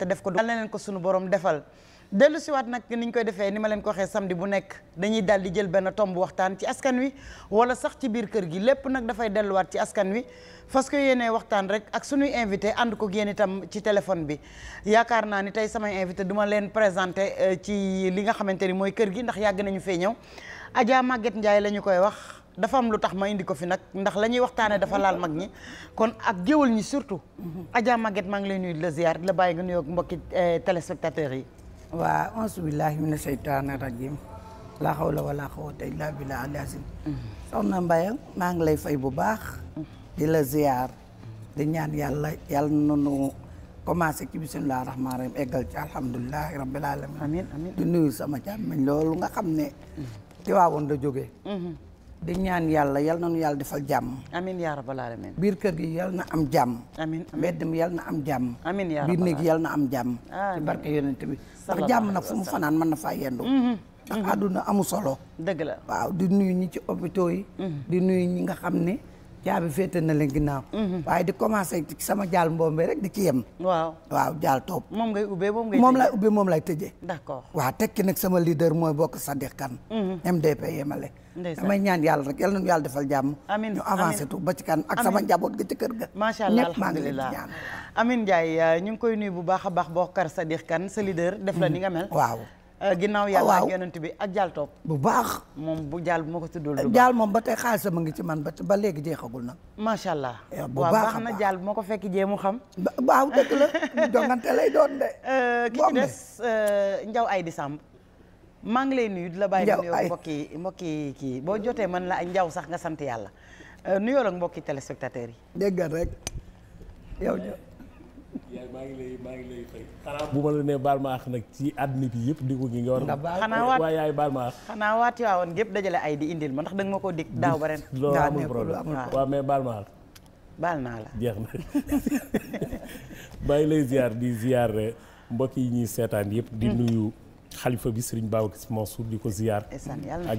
te def ko du yàlla na leen ko sunu borom defal dellu siwaat nag ni ñu koy defee ni ma leen ko waxee samedi bu nekk dañuy daal di jël benn tomb waxtaan ci askan wi wala sax ci biir kër gi lépp nag dafay delluwaat ci askan wi parce que yéenee waxtaan rek ak suñuy invité ànd ko yéen itam ci téléphone bi yaakaar naa ni tey samay invité duma leen présenté euh, ci li nga xamante ni mooy kër gi ndax yàgg nañu fee ñëw Adja Maguette Ndiaye la ñu koy wax dafa am lu tax ma indi ko fi nag ndax lañuy ñuy waxtaanee dafa laal mag ñi kon ak géwal ñi surtout. Adja Maguette maa ngi lay nuyu di la ziar di la bàyyi nga nuyoog mbokki eh, téléspectateurs yi. waa auzu billaahi mina seytaani rajiim. laa xawla wala xawata illaa billaahi al aziim. soxna Mbaye maa ngi lay fay bu baax. di la ziar. di ñaan yàlla yàlla nañu commencé ci bisimilah rahmaani rahiim eggal ci alhamdulilah rabbil alamin. amiin amiin di nuyu sama jàmm loolu nga xam ne. ci waawoon la jógee. Mm-hmm. di ñaan yàlla yal na nu yàlla defal jàmm. biir kër gi yal na am jàmm. amiin mbedd mi yal na am jàmm. amiin yaa rabbal aalamiin biir néeg yal na am jàmm. ci barke yonent bi. ndax jàmm nag fu mu fanaan mën na faa yendu. Mhm. Mhm. ndax àdduna amu solo. dëgg la waaw di nuyu ñi ci hôpitaux yi. Mhm. di nuyu ñi nga xam na leen ginnaaw. waaye di commencé sama jaal mboombe rek di ci yem. waaw waaw jaal topp. moom ngay ubbee moom ngay moom lay ubbee moom lay tëjee. d'accord waaw tekki nag sama leader mooy bokk Sadikh Kane. MDP yemale. damay ñaan yàlla rek yal nañu yàlla defal jàmm amiin ñu avancé tout ba ci kan ak sama njaboot ga ci kër ga macha allah ñëpp maa ngi leen ñaan Amine Ndiaye euh, ñu ngi koy nuyu bu baax a baax Bokar Sadiq Kane sa leader def la mm. ni nga mel waaw euh, ginnaaw yàlla ak yonent bi ak jaal topp bu baax moom bu jaal bu ma ko tuddul dool jaal moom ba tey xaalisam a ngi ci man ba ba léegi jeexagul nag macha allah eh, bu baax na jaal bu moo ko fekk jee mu xam waaw dëgg la jongante lay doon de euh, maa ngi lay nuyu di la bàyyi mu nuyoo mbokki mbokki kii boo jotee man la ay njaw sax nga sant yàlla euh, nuyoo la mbokki téléspectateurs yi. déggal rek yow. yaay maa ngi lay la ci àdduna yëpp di ko gi a. xanaa waat waaye yaay xanaa waat yaa woon ay di indil ma ndax da nga ma koo dig daaw ba ren. loolu amul problème waaw mais baal ma àq. naa la jeex na lay ziar mbokk yi ñuy seetaan yëpp. di hmm. nuyu. xalifa bi sëriñ Babacar Sy Mansour di ko ziyaar ak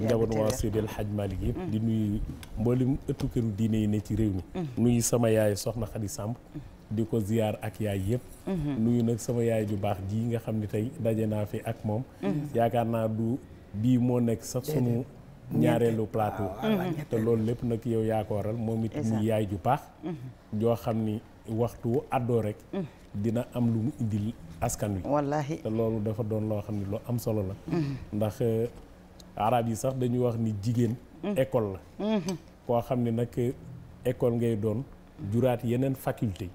njabootu waa Seydi El Hadj Malick yëpp mm. di nuyu mboolem ëttu këru diine yi ne ci réew mi mm. nuyu sama yaay soxna Xadi Samb mm. di ko ziyaar ak yaay yëpp mm-hmm. nuyu nag sama yaay ju baax ji nga xam ne tey daje naa fi ak moom mm-hmm. yaakaar naa du bii moo nekk sax sunu ñaareelu plateau ah, te loolu lépp nag yow yaa ko waral moom it muy yaay ju baax mm-hmm. joo xam ni waxtu àddoo rek dina am lu mu indil askan wi wallaahi te loolu dafa doon loo xam ne lu am solo la mm-hmm. ndax euh, arab yi sax dañuy wax ni jigéen mm-hmm. école la mm-hmm. koo xam ne nag école ngay doon juraat yeneen faculté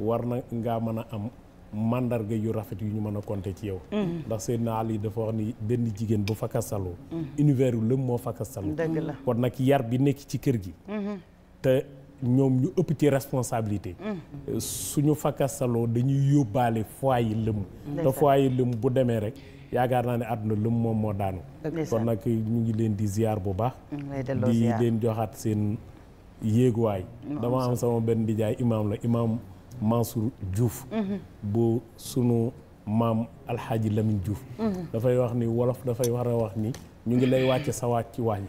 war na ngaa mën a am mandarga yu rafet yu ñu mën a compter ci yow ndax Seydina Ali dafa wax ni benn jigéen bu fakkasaloo univers yu lëm moo fakkasaloo dëgg la kon nag yar bi nekk ci kër gi te ñoom ñu ëpp ci responsabilité. Mm. Euh, suñu fakkasaloo dañuy yóbbaale foie yi lëmm. te foie yi lëmm bu demee rek yaakaar naa ne àdduna lëmm moom moo daanu. kon nag ñu ngi leen di ziar bu baax. Mm, di leen joxaat seen yéeguwaay. Mm, dama am sama benn nijaay imaam la imaam Mansour Diouf. Mm-hmm. bu sunu. maam alxaaji Lamine Diouf dafay wax ni wolof dafay war a wax ni ñu ngi lay wàcce sa wàcc ci wàññi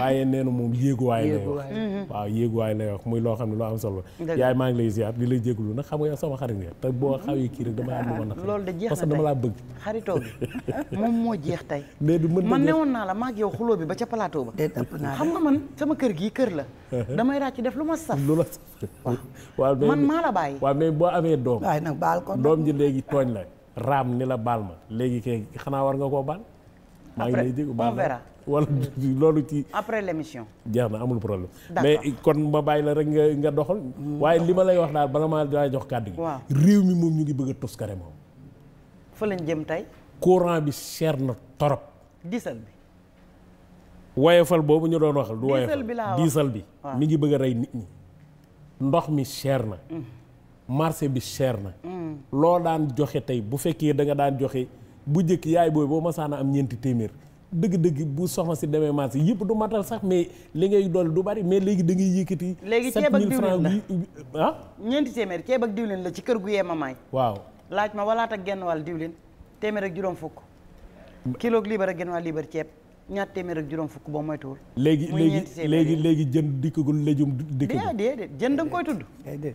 waaye nee na moom yéeguwaay lay wax mm-hmm. waaw yéeguwaay lay wax muy loo xam ne loo am solo yaay maa ngi lay ziar di lay jégalu nag xam nga sama xarit nga te boo loolu de jeex na parce que dama laa bëgg xaritoo bi moom moo jeex tey léegi mën man naa la maag yow bi ba ca plateau ba xam nga man sama kër gii kër la uh-huh. damay ràcc def lu ma saf lu la saf waaw man maa la bàyyi waaw mais boo amee doom doom ji tooñ la raam ni la baal ma léegi kay xanaa war nga koo baal. maa ngi lay dégg baal ma wala loolu ci. après l'émission. jeex na amul problème. mais kon ma bàyyi la rek nga nga doxal. waaye li ma lay wax daal bala maa daa jox kàddu gi. réew mi moom ñu ngi bëgg a tos kare moom. fa jëm tey. courant bi cher na torop. diesel bi. woyofal boobu ñu doon waxal. du woyofal diesel bi mu ngi bëgg a rey nit ñi. ndox mi cher na. Mm. marché bi cher na. Mm. loo daan joxe tey bu fekkee da nga daan joxe bu njëkk yaay booy boo masaana am ñeenti téeméer dëgg-dëgg bu soxna si demee marché yëpp du matal sax mais li ngay dool du bari mais léegi da ngay yëkkati. léegi ceeb ak diwlin la ah? téeméer ceeb ak diwlin la ci kër gu yee mamaay. waaw laaj ma walaat ak genn wàll diwlin téeméer ak juróom fukk. kilo ak liibar ak genn wàll liibar ceeb. ñaar téeméer ak juróom fukk boo moytuwul. léegi léegi léegi léegi jënd dikkagul léjum dikkagul. déedéet jënd da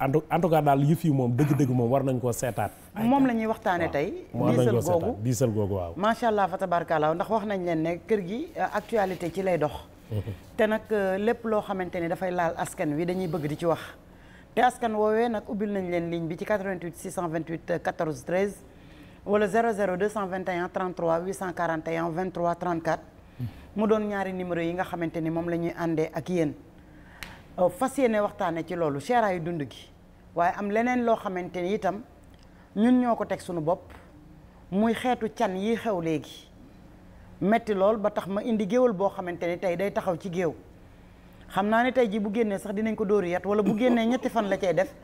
en tout en tout cas daal yëf yi moom dëgg-dëgg moom war nañ koo seetaat. moom la ñuy waxtaanee tey. diisal googu diisal googu waaw. macha allah fa tabarkalla ndax wax nañ leen ne kër gi euh, actualité ci lay dox. te nag euh, lépp loo xamante ne dafay laal askan wi dañuy bëgg di ci wax. te askan woowee nag ubbil nañ leen ligne bi ci 88 628 14 13 wala 00 221 33 841 23 34. mu doon ñaari numéro yi nga xamante ni moom la ñuy àndee ak yéen. Euh, fas yéene waxtaane ci loolu seeraayu dund gi waaye am leneen loo xamante ni itam ñun ñoo ko teg sunu bopp muy xeetu can yi xew léegi metti lool ba tax ma indi géwal boo xamante ni tey day taxaw ci géew xam naa ne tey jii bu génnee sax dinañ ko dóori yat wala bu génnee ñetti fan la cay def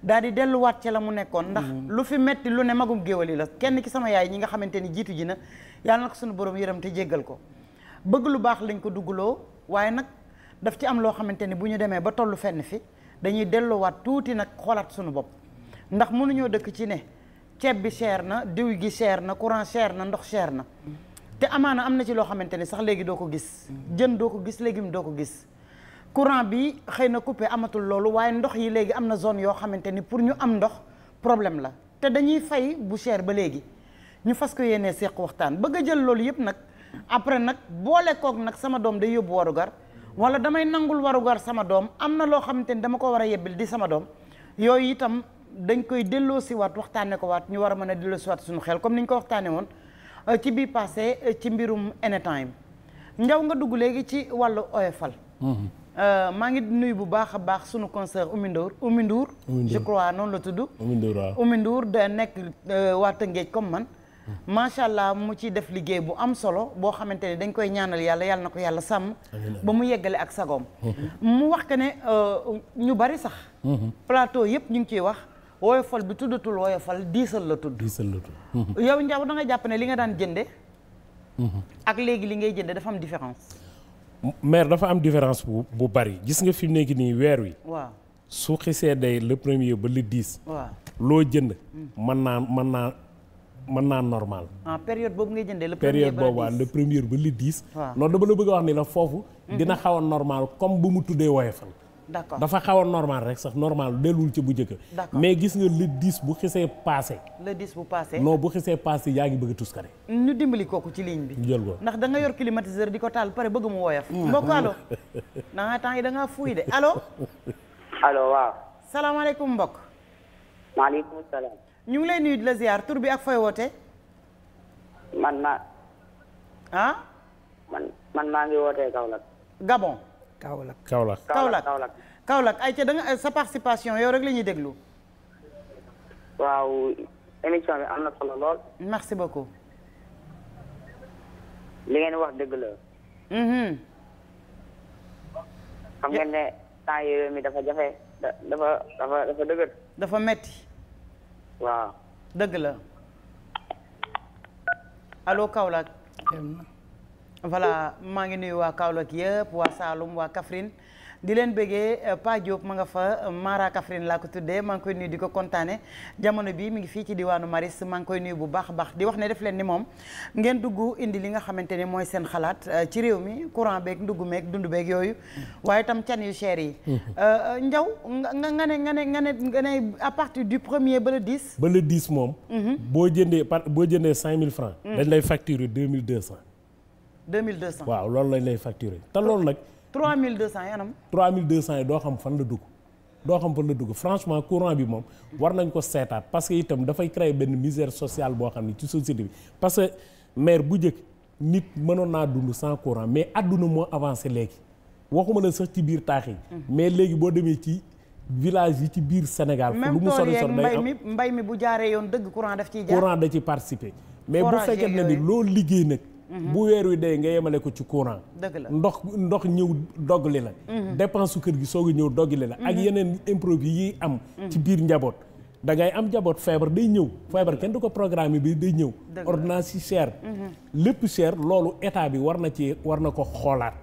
daal di delluwaat ci la mu nekkoon ndax mm-hmm. lu fi metti lu ne magum géwal yi la kenn ki sama yaay ñi nga xamante ni jiitu ji na yàlla na ko suñu borom yërëm te jéggal ko bëgg lu baax lañ ko duggloo waaye nag daf ci am loo xamante ni bu ñu demee ba tollu fenn fi dañuy delluwaat tuuti nag xoolaat suñu bopp ndax mënuñoo dëkk ci ne ceeb bi cher na diw gi cher na courant cher na ndox cher na te amaana am na ci loo xamante ni sax léegi doo ko gis jën doo ko gis légume doo ko gis courant bi xëy na coupé amatul loolu waaye ndox yi léegi am na zone yoo xamante ni pour ñu am ndox problème la te dañuy fay bu cher ba léegi ñu fas ko yéenee seq waxtaan bëgg a jël loolu yëpp nag après nag boole nag sama doom day yóbbu warugar wala damay nangul warugar sama doom am na loo xamante ni dama ko war a yebbil di sama doom yooyu itam dañ koy delloosi delloosiwaat waxtaane ko waat ñu war a mën a delloosiwaat suñu xel comme ni ko waxtaane woon euh, ci bii passé euh, ci mbirum anytime njaw nga dugg léegi ci wàllu oyofal mhm. euh, maa ngi nuyu bu baax a baax sunu concert Umindour Umindour je crois noonu la tudd Umindour waaw Umindour da nekk waa Tëngéej comme man macha allah mu ciy def liggéey bu am solo boo xamante ne dañ koy ñaanal yàlla yàlla na ko yàlla sàmm. ba mu yeggale ak sagoom. Mm-hmm. mu wax que ne euh, ñu bari sax. Mm-hmm. plateau yëpp ñu ngi ciy wax. woyofal bi tuddatul woyofal diisal la diisal la tudd. Mm-hmm. yow Ndiaye da jàpp ne li nga daan jënde ak léegi li ngay jënde dafa am différence. maire dafa am différence bu bu bari gis nga fi mu nekk nii weer wi. su xisee day le premier ba le dix. loo jënd. Mm. mën naa mën naa. mën naa normal. Ah, période boobu ngay jëndee le premier ba le 10 période boobu waaw le premier ba le 10. waaw loolu la bëgg a wax ni la foofu. Mhm. dina xaw a comme bu mu tuddee woyofal. d'accord dafa xaw a rek sax normal delluwul ci bu njëkk. mais gis nga le 10 bu xisee passé. le 10 bu passé non bu xisee passé yaa ngi bëgg a tuskare. ñu dimbali kooku ci ligne bi. ñu jël ko ndax da yor climatiseur di ko taal pare bëgg mu woyof. Mm. mbokk allo. naa temps yi da ngaa fuuy de allo. allo waaw. salaamaaleykum mbokk. maaleykum ñu ngi lay nuyu di la ziar bi ak fooy woote. man maa. ah. man man maa ngi wootee Kaolack. Gabon. Kaolack Kaolack Kaolack Kaolack. Kaolack ay ca da ay sa participation yow rek la ñuy déglu. waaw émission bi am na solo lool. merci beaucoup. li ngeen wax dëgg la. Mm-hmm. xam ngeen ne temps yii mi dafa jafe dafa dafa dafa dëgër. dafa metti waaw dëgg la allo Kaolack voilà maa ngi nuyu waa Kaolack yëpp waa Saloum waa Kaffrine di leen bëggee euh, Pa Diop ma nga fa euh, Mara Kaffrine laa ko tuddee maa ngi koy nuyu di ko kontaane jamono bi mi ngi fii ci diwaanu Maris maa ngi koy nuyu bu baax a baax di wax ne def leen ni moom ngeen dugg indi li nga xamante ne mooy seen xalaat euh, ci réew mi courant beeg ndugg meeg dund beeg yooyu waaye tam can yu cher yi mm-hmm. njaw nga nga ne nga ne nga ne nga ne à du premier ba le dix ba le dix moom mm-hmm. boo jëndee par boo jëndee cinq mille francs mm. dañ lay facturer deux mille deux cent loolu lañ lay facturer te loolu nag mille yanam. 3200 yi doo xam fan la dugg doo xam fan la dugg franchement courant bi moom war nañ ko seetaat parce que itam dafay créer benn misère sociale boo xam ne ci société bi parce que maire bu njëkk nit mënoon naa dund sans courant mais àdduna moo avancé léegi waxuma la sax ci biir taax yi. Mm. mais léegi boo demee ci. village yi ci biir Sénégal. lu mu sori sori mbay mi bu jaaree yoon dëgg courant daf ciy jaar. courant da ci participer. mais bu fekkee ne ni loo liggéey nag. Mhm. bu weer wi de nga yemale ko ci courant. dëgg la ndox ndox ñëw doggali la. Mhm. dépense su kër gi soog a ñëw doggali la. Mhm. ak yeneen imprévu yi am. ci biir njaboot. da ngay am njaboot feebar day ñëw feebar kenn du ko programme bi day ñëw ordonnance yi cher lépp cher loolu état bi war na ci war na ko xoolaat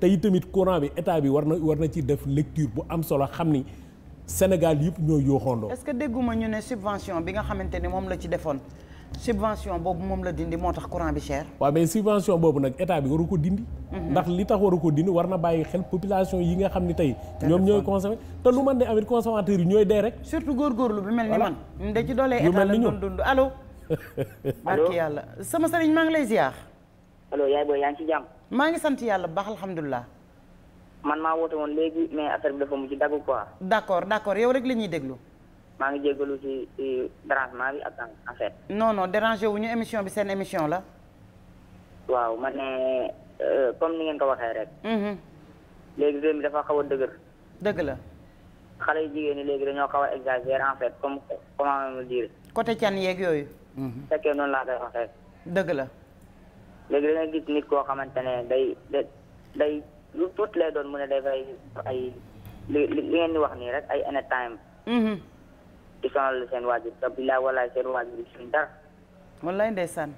te tamit courant bi état bi war na war na ci def lecture bu am solo xam ni Sénégal yëpp ñoo yooxoondoo est-ce que dégguma ñu ne subvention bi nga xamante ni moom la ci defoon subvention boobu moom la dindi moo tax courant bi cher. waaw mais subvention boobu nag état bi waru ko dindi. Mhm. ndax li tax waru ko dindi war na bàyyi xel population yi nga xam ni tey. ñoom ñooy consommé te lu man ne amit consommateur yi ñooy dee rek. surtout góorgóorlu bi mel ni man. da ci doolee état la doon dund allo. barki yàlla sama sëriñ maa ngi lay ziar. allo yaay booy yaa ngi ci jàmm. maa ngi sant yàlla bu baax alhamdulilah. man maa woote woon léegi mais affaire bi dafa mujj dagg quoi. d' yow rek la ñuy déglu. maa ngi jégalu ci ci dérangement bi ak en fait. non non wu ñu émission bi seen émission la. waaw ma ne euh, comme ni ngeen ko waxee rek. Mhm. léegi réew mi dafa xaw dëgg dëgg la. xale yu jigéen ñi léegi dañoo xaw a exagéré en fait comme comment ma dire. côté can yeeg yooyu. fekkee noonu laa koy waxee. dëgg la. léegi da gis nit koo xamante ne day day lu tuut lay doon mu ne day ay li li ngeen di wax nii rek ay anytime. Mhm. di sonal seen waajur te billaay walaay seen waajur yi suñ dara. wallaay ndeysaan.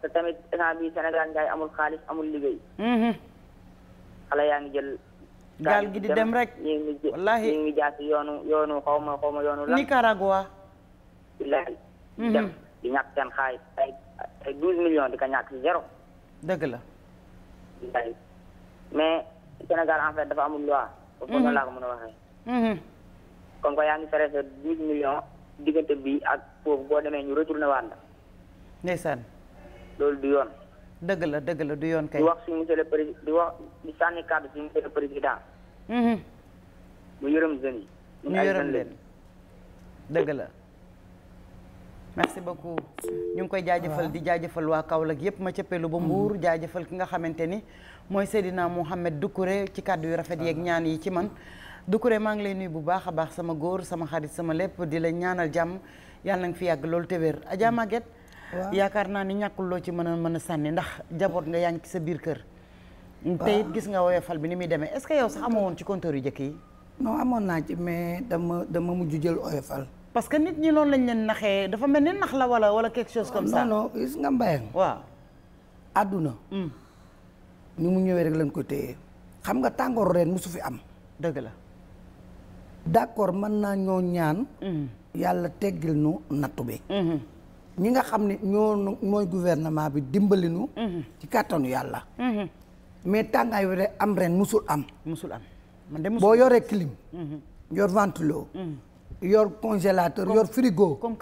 te tamit instant bii amul xaalis amul liggéey. Mhm. xale yaa ngi jël. gaal gi di dem rek wallaahi ñu ngi jaasi yoonu yoonu xaw ma xaw ma yoonu la Nicaragua billaay mhm. dem di ñàkk seen xaalis ay ay douze di ko ñàkk si zéro dëgg la mais Sénégal en dafa amul loi foofu mhm. laa ko mën a waxee comme que yaa ni chargé douze millions diggante bi ak foofu boo demee ñu retourné waat la. ndeysaan. loolu du yoon. dëgg la dëgg la du yoon kay. di wax si monsieur le président di wax di sànni kàddu si monsieur le président. Mhm. mu yërëm jeunes yi. ñu yërëm leen dëgg la. merci beaucoup ñu ngi koy jaajëfal di jaajëfal waa Kaolack yépp ma cëppeelu ba Mbuur mm-hmm. jaajëfal ki nga xamante ni mooy Seydina Mouhamed Doucouré ci kàddu yu rafet yeeg ñaan yi ci man Doucouré maa ngi lay nuyu bu baax a baax sama góor sama xarit sama lépp di la ñaanal jàmm yàlla na nga fi yàgg loolu te wér Adja mm. Maguette yaakaar naa ni ñàkkul loo ci mën a mën a sànni ndax jaboot nga yaa ci sa biir kër gis nga woyofal bi ni muy demee est-ce que yow sax mm. ci compteur yu njëkk yi amoon naa ci mais dama dama mujj jël oyofal parce que nit ñi noonu lañ leen naxee dafa mel ni nax la wala wala quelque chose comme ça non nga mbayang waaw àdduna mm. ni mu ñëwee rek lañ ko xam nga tàngooru reen musu fi am dëgg la d'accord mën naa ñoo ñaan. Mm-hmm. yàlla teggil nu nattu bi. Mm-hmm. ñi nga xam ne ñoo mooy gouvernement bi dimbali nu. Mm-hmm. ci kàttanu yàlla. mais tàngaay wi am ren musul am. boo yoree clim. yor ventilo. yor congélateur yor frigo. comme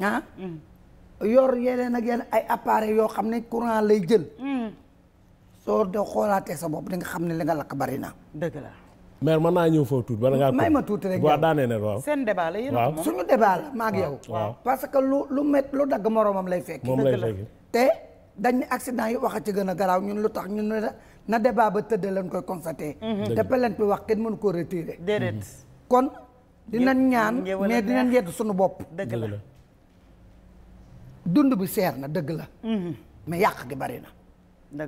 ah yor yeneen ak yeneen ay appareil yoo xam ne courant lay jël. soo de xoolaatee sa bopp di nga xam ne li nga lakk bari na. dëgg maire mën naa ñëw foofu tuuti bala ngaa. may ma tuuti rek waaw daanee ne waaw. seen débat la yéen a suñu débat la ma ak yow. parce que lu lu met lu dagg moroomam lay fekki. moom lay te dañ ne accident yi wax a ci gën a garaaw ñun lu tax ñu ne na débat ba tëdd lañ koy constaté. Mhm. te plainte bi wax kenn mënu koo retiré. déedéet mhm. kon dinañ ñaan mais dinañ yedd suñu bopp. dëgg la dund bi seer na dëgg la. Mhm. mais yàq gi bari na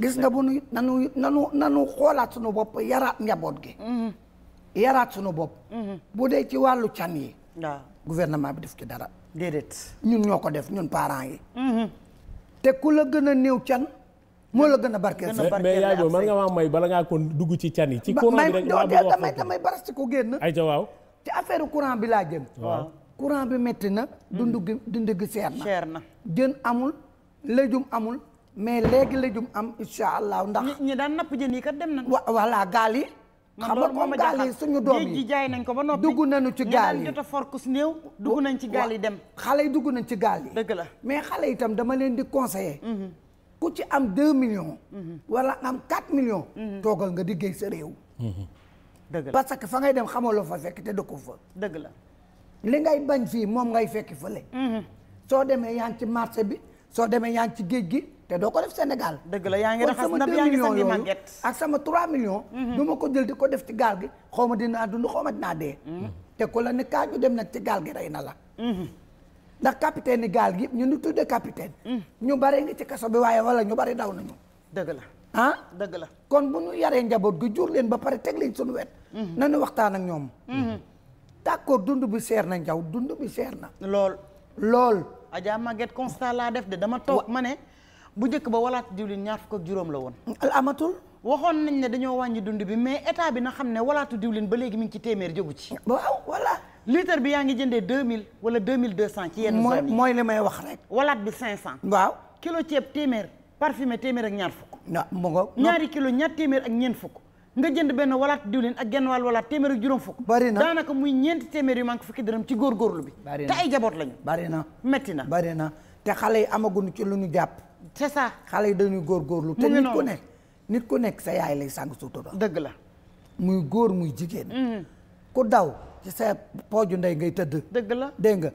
gis nga bu nu nanu nanu nanu xoolaat sunu bopp yaraat njaboot gi mhm. yaraat sunu bopp mhm. bu dee ci wàllu can yi waaw gouvernement bi def ci dara déedéet ñun ñoo ko def ñun parents yi mhm. te ku la gën a néew can moo la gën a barkeel mais yaay boobu man nga maa may bala ngaa kon dugg ci can yi ci courant bi rek damay damay baras ci ko génn ay ca waaw ci affaire courant bi laa jëm waaw courant bi métti na dund gi dund gi seer na jën amul lëjum amul mais léegi lëjum am incha allah ndax. ñi daan napp jën yi kat dem nañu. wa voilà gaal yi. xam nga comme gaal yi suñu doom yi jaay nañ ko ba noppi dugg nañu ci gaal yi jot a forkus néew dugg nañ ci gaal yi dem xale yi dugg nañ ci gaal yi dëgg la mais xale itam dama leen di conseiller mhm. ku ci am deux millions mhm. wala am quatre millions mhm. toogal nga liggéey sa réew dëgg parce que fa ngay dem xamaloo fa fekk te dëkku fa dëgg la li ngay bañ fii moom ngay fekki fële soo demee yaa ci marché bi soo demee yaa ci géej gi te doo ko def Sénégal. dëgg la yaa ngi raxas ndab yaa ngi sànni màgget ak sama 3 millions. Mhm. du ma ko jël di ko def ci gaal gi xaw ma dinaa dund xaw ma dinaa dee. Mhm. te ku la ne kaaju dem nag ci gaal gi rey na la. Mhm. ndax capitaine ni gaal gi ñu nu tudde capitaine. ñu bare ngi ci kaso bi waaye wala ñu bari daw nañu. dëgg la ah dëgg la kon bu ñu yaree njaboot gi jur leen ba pare teg leen suñu wet. nañu waxtaan ak ñoom. d'accord dund bi seer na njaw dund bi seer na. lool lool. Adja Maguette constat laa def dama toog ma ne. bu njëkk ba walaat diwlin ñaar fukk ak juróom la woon amatul waxoon nañ ne dañoo wàññi dund bi mais état bi na xam ne walaatu diwlin ba léegi mi ngi ci téeméer jógu ci waaw voilà litre bi yaa ngi jëndee deux mille wala deux mille deux cent ci yenn zone yi mooy li may wax rek walaat bi cinq cent waaw kilo ceeb téeméer parfumé téeméer ak ñaar fukk waaw ñaari kilo ñaar téeméer ak ñeent fukk nga jënd benn walaat diwlin ak genn wàll walaat téeméer ak juróom fukk bari na daanaka muy ñeenti téeméer yu manque fukki ci góorgóorlu bi te ay jaboot lañu bari na metti na bari na te xale yi amaguñu ci lu ñu jàpp c'est ça xale yi dañuy góorlu te nit ku nekk nit ku nekk sa yaay lay sàng sutura dëgg la muy góor muy jigéen mm-hmm. ku daw ci sa pooju ndey ngay tëdd dëgg la dégg nga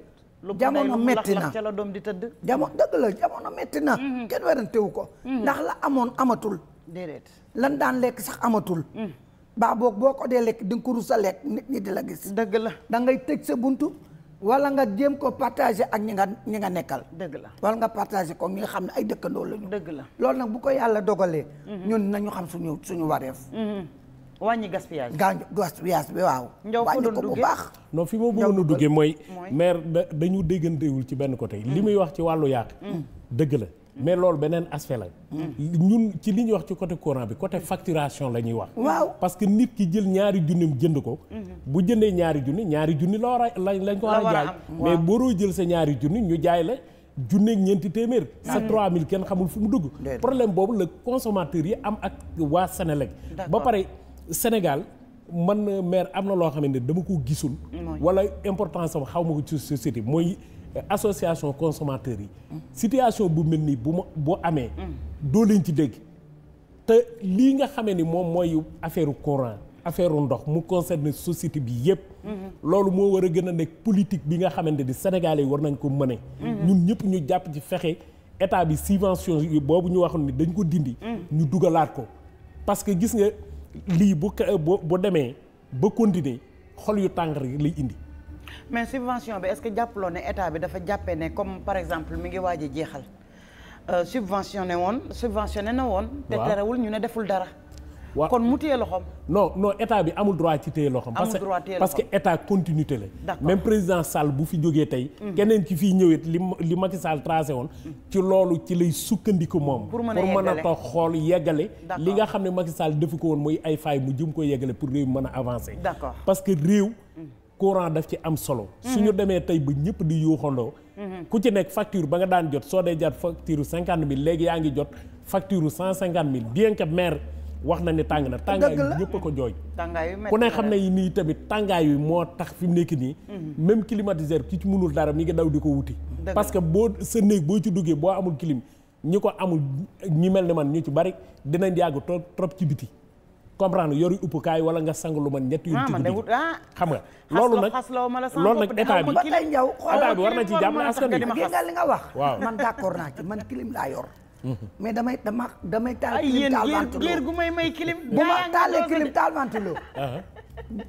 jamono metti na la doom di tëdd jamono dëgg la jamono metti na mm-hmm. kenn werantewu ko mm-hmm. ndax la amoon amatul déedéet lan daan lekk sax amatul baa boog boo ko dee lekk di nga ko rusa lekk nit ñi di la gis dëgg la da ngay tëj sa buntu wala nga jëm ko partagé ak ñi nga ñi nga nekkal. dëgg la wala nga partagé ko ñi nga xam ne ay dëkkandoo lañu. dëgg la loolu nag bu ko yàlla dogalee. Mhm. ñun nañu xam suñu suñu wareef. Mhm. wàññi gaspillage. gaañu gaspillage bi waaw. wàññi ko bu baax. non fi moo bëggoon a duggee mooy. maire dañu déggantewul ci benn côté. li mhm. muy wax ci wàllu yàq. dëgg la. mais loolu beneen aspect la. ñun ci li ñuy wax ci côté courant bi côté facturation la ñuy wax. waaw parce que nit ki jël ñaari junnim jënd ko. bu jëndee ñaari junni ñaari junni la war a lañ ko war a jaay. mais boroo jël sa ñaari junni ñu jaay la. junneeg ñeenti téeméer. sa hmm. mille kenn xamul fu mu dugg. problème boobu la consommateur yi am ak waa Sénélec. ba pare Sénégal man maire am na loo xamante ne dama ko gisul. wala important sama xaw ma ko ci société mooy. association consommateurs yi. situation bu mel nii bu ma bu amee. doo leen ci dégg. te lii nga xamee ni moom mooy affaire courant affaire ndox mu concerne société bi yëpp. loolu moo war a gën a nekk politique bi nga xamante ni sénégalais yi war nañ ko mëne. ñun ñëpp ñu jàpp ci fexe état bi subvention yi boobu ñu waxoon ni dañ ko dindi. ñu dugalaat ko parce que gis nga lii bu bu demee ba continuer xol yu tàng rek lay indi. mais subvention bi est-ce que jàppaloo ne état bi dafa jàppee ne comme par exemple mi ngi waaj a jeexal euh, subventionné woon subventionné na woon. te terewul ñu ne deful dara. waaw kon mu téye loxoom. non non état bi amul droit ci téye loxoom. amul droit parce que état continuité la. même président Sall bu fi jógee tey. Mm-hmm. keneen ci fii ñëwee li li Macky Sall woon. Mm-hmm. ci loolu ci lay sukkandiku moom. pour mën a pour mën toog xool yeggale. li nga xam ne magis Sall defu ko woon mooy ay faay mu jëm ko yeggale pour réew mën a avancer. d'accord parce que réew. Mm-hmm. courant daf ci am solo. su ñu mhm. demee tey ba ñëpp di yuuxandoo. Mhm. ku ci nekk facture ba nga daan jot soo dee jot facture cinquante mille léegi yaa ngi jot facture cent cinquante mille bien que maire wax na ni tàng na. tàngaay bi ñëpp a ko jooy. ku ne xam ne yi nii tamit tàngaay wi moo tax fi mu nekk nii. Mhm. même climatiseur ki ci mënul dara mi ngi daw di ko wuti. parce que boo sa néeg boo ci duggee boo amul clim ñi ko amul ñi mel ni man ñu ci bari dinañ yàgg trop trop ci biti. comprendre yori kaay wala nga sang lu man ñett yu ah, dugg ah. xam nga loolu nag loolu nag état bi état bi war na ci jàppale askan bi li nga wax man d'accord naa ci man kilim laa yor mhm. mais damay damay taal kilim taal ventilo géer bu ma taalee kilim taal ventilo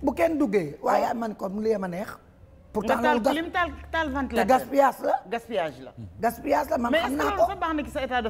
bu kenn duggee waaye man kon li ma neex pourtant loolu kilim taal taal ventilateur gaspillage la gaspillage la gaspillage la man xam naa ko mais est-ce sa état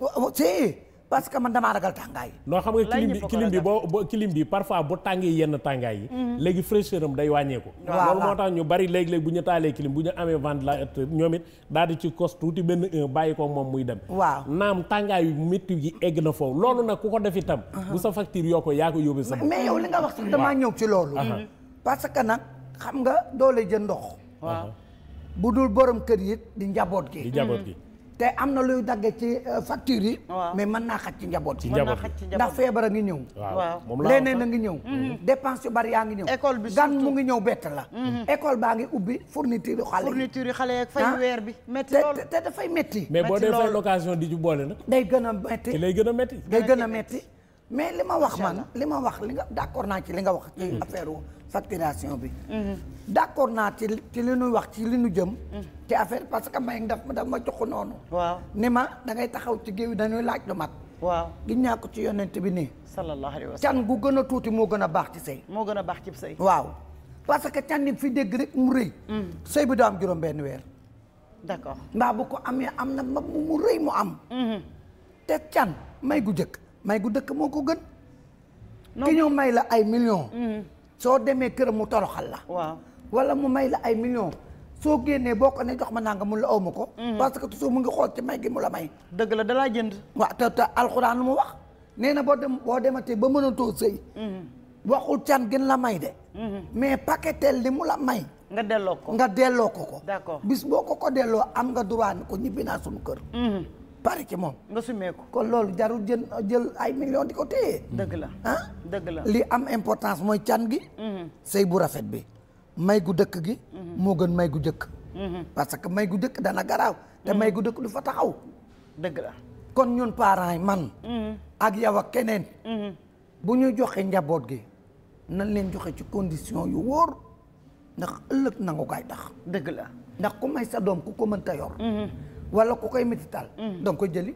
oh, oh, si parce que man damaa ragal tàngaay. non xam nga clim bi clim bi boo boo clim bi parfois bu tàngee yenn tàngaay yi. Mhm. léegi fraîcheur am day wàññeeku. waaw loolu moo tax ñu bari léegi léegi bu ñu taalee clim bu ñu amee la ventilateur ñoom it daal di ci kos tuuti benn un bàyyi ko moom muy dem. waaw naam tàngaay yu métti yi egg na foofu loolu nag ku ko def itam. Uh-huh. bu sa facture yokkoo yaa ko yóbbee sa bopp. mais yow li nga wax sax damaa ñëw ci loolu. Uh-huh. Mhm. parce que nag xam nga doole lay ndox. waaw uh-huh. dul borom kër yi di njaboot gi. di njaboot mhm. te am na luy dagge ci euh, facture yi. mais man naa xaj ci njaboot ci njaboot ndax feebar a ngi ñëw. waaw leneen a ngi ñëw. Mm-hmm. Mm-hmm. dépense yu bari yaa ngi ñëw. école bi gan mu ngi ñëw bett la. Mm-hmm. école baa ngi ubbi fourniture yu xale yi. fourniture yu xale yi ak fay ah. weer bi. métti loolu te dafay métti. mais boo dee fay location di ju boole nag. day gën a métti te lay gën a métti. day gën a métti mais li ma wax man li ma wax li nga d'accord naa ci li nga wax. ci affaire facturation bi. d'accord naa ci ci li ñuy wax ci li ñu jëm. ci affaire parce que may ndax ma daf ma jox noonu. waaw ni ma dangay taxaw ci géew yi dañuy laaj lu mat. waaw gi naa ko ci yonent bi nii. sallallahu alayhi wa sallam can gu gën a tuuti moo gën a baax ci sëy. moo gën a baax ci sëy. waaw parce que can yi fi dégg rek mu rëy. Mm. sëy bi du am juróom-benn weer. d'accord mbaa bu ko amee am na ma mu rëy mu am. Mm-hmm. te can may gu jëkk may gu dëkk moo ko gën. ki ñëw may la ay million mm-hmm. soo demee kër mu toloxal la. waaw wala mu may la ay millions. soo génnee boo ko ne jox ma nanga mun la aw ma ko mhm. parce que toujours mu ngi xool ci may gi mu la may dëgg la dalaa jënd waa te te alxuraan lu mu wax nee na boo dem boo dematee ba mënatoo sëy mhm. waxul can gën la may de mhm. mais paquetel li mu la may nga delloo ko nga delloo ko ko d'accord bis boo ko ko delloo am nga droit ni ko ñibbi naa suñu kër pare ci moom nga sumee ko kon loolu jarul jën jël ay million di ko téye la ah dëgg la li am importance mooy can gi sëy bu rafet bi may gu dëkk gi mhm. moo gën may gu jëkk mhm. parce que may gu jëkk dana garaaw te mhm. may gu dëkk du fa taxaw dëgg la kon ñun parents yi man ak yow ak keneen bu ñu joxe njaboot gi nan leen joxe ci condition yu wóor ndax ëllëg nangu kaay tax dëgg la ndax ku may sa doom ku ko mënta yor wala ku koy mitital da nga koy jëli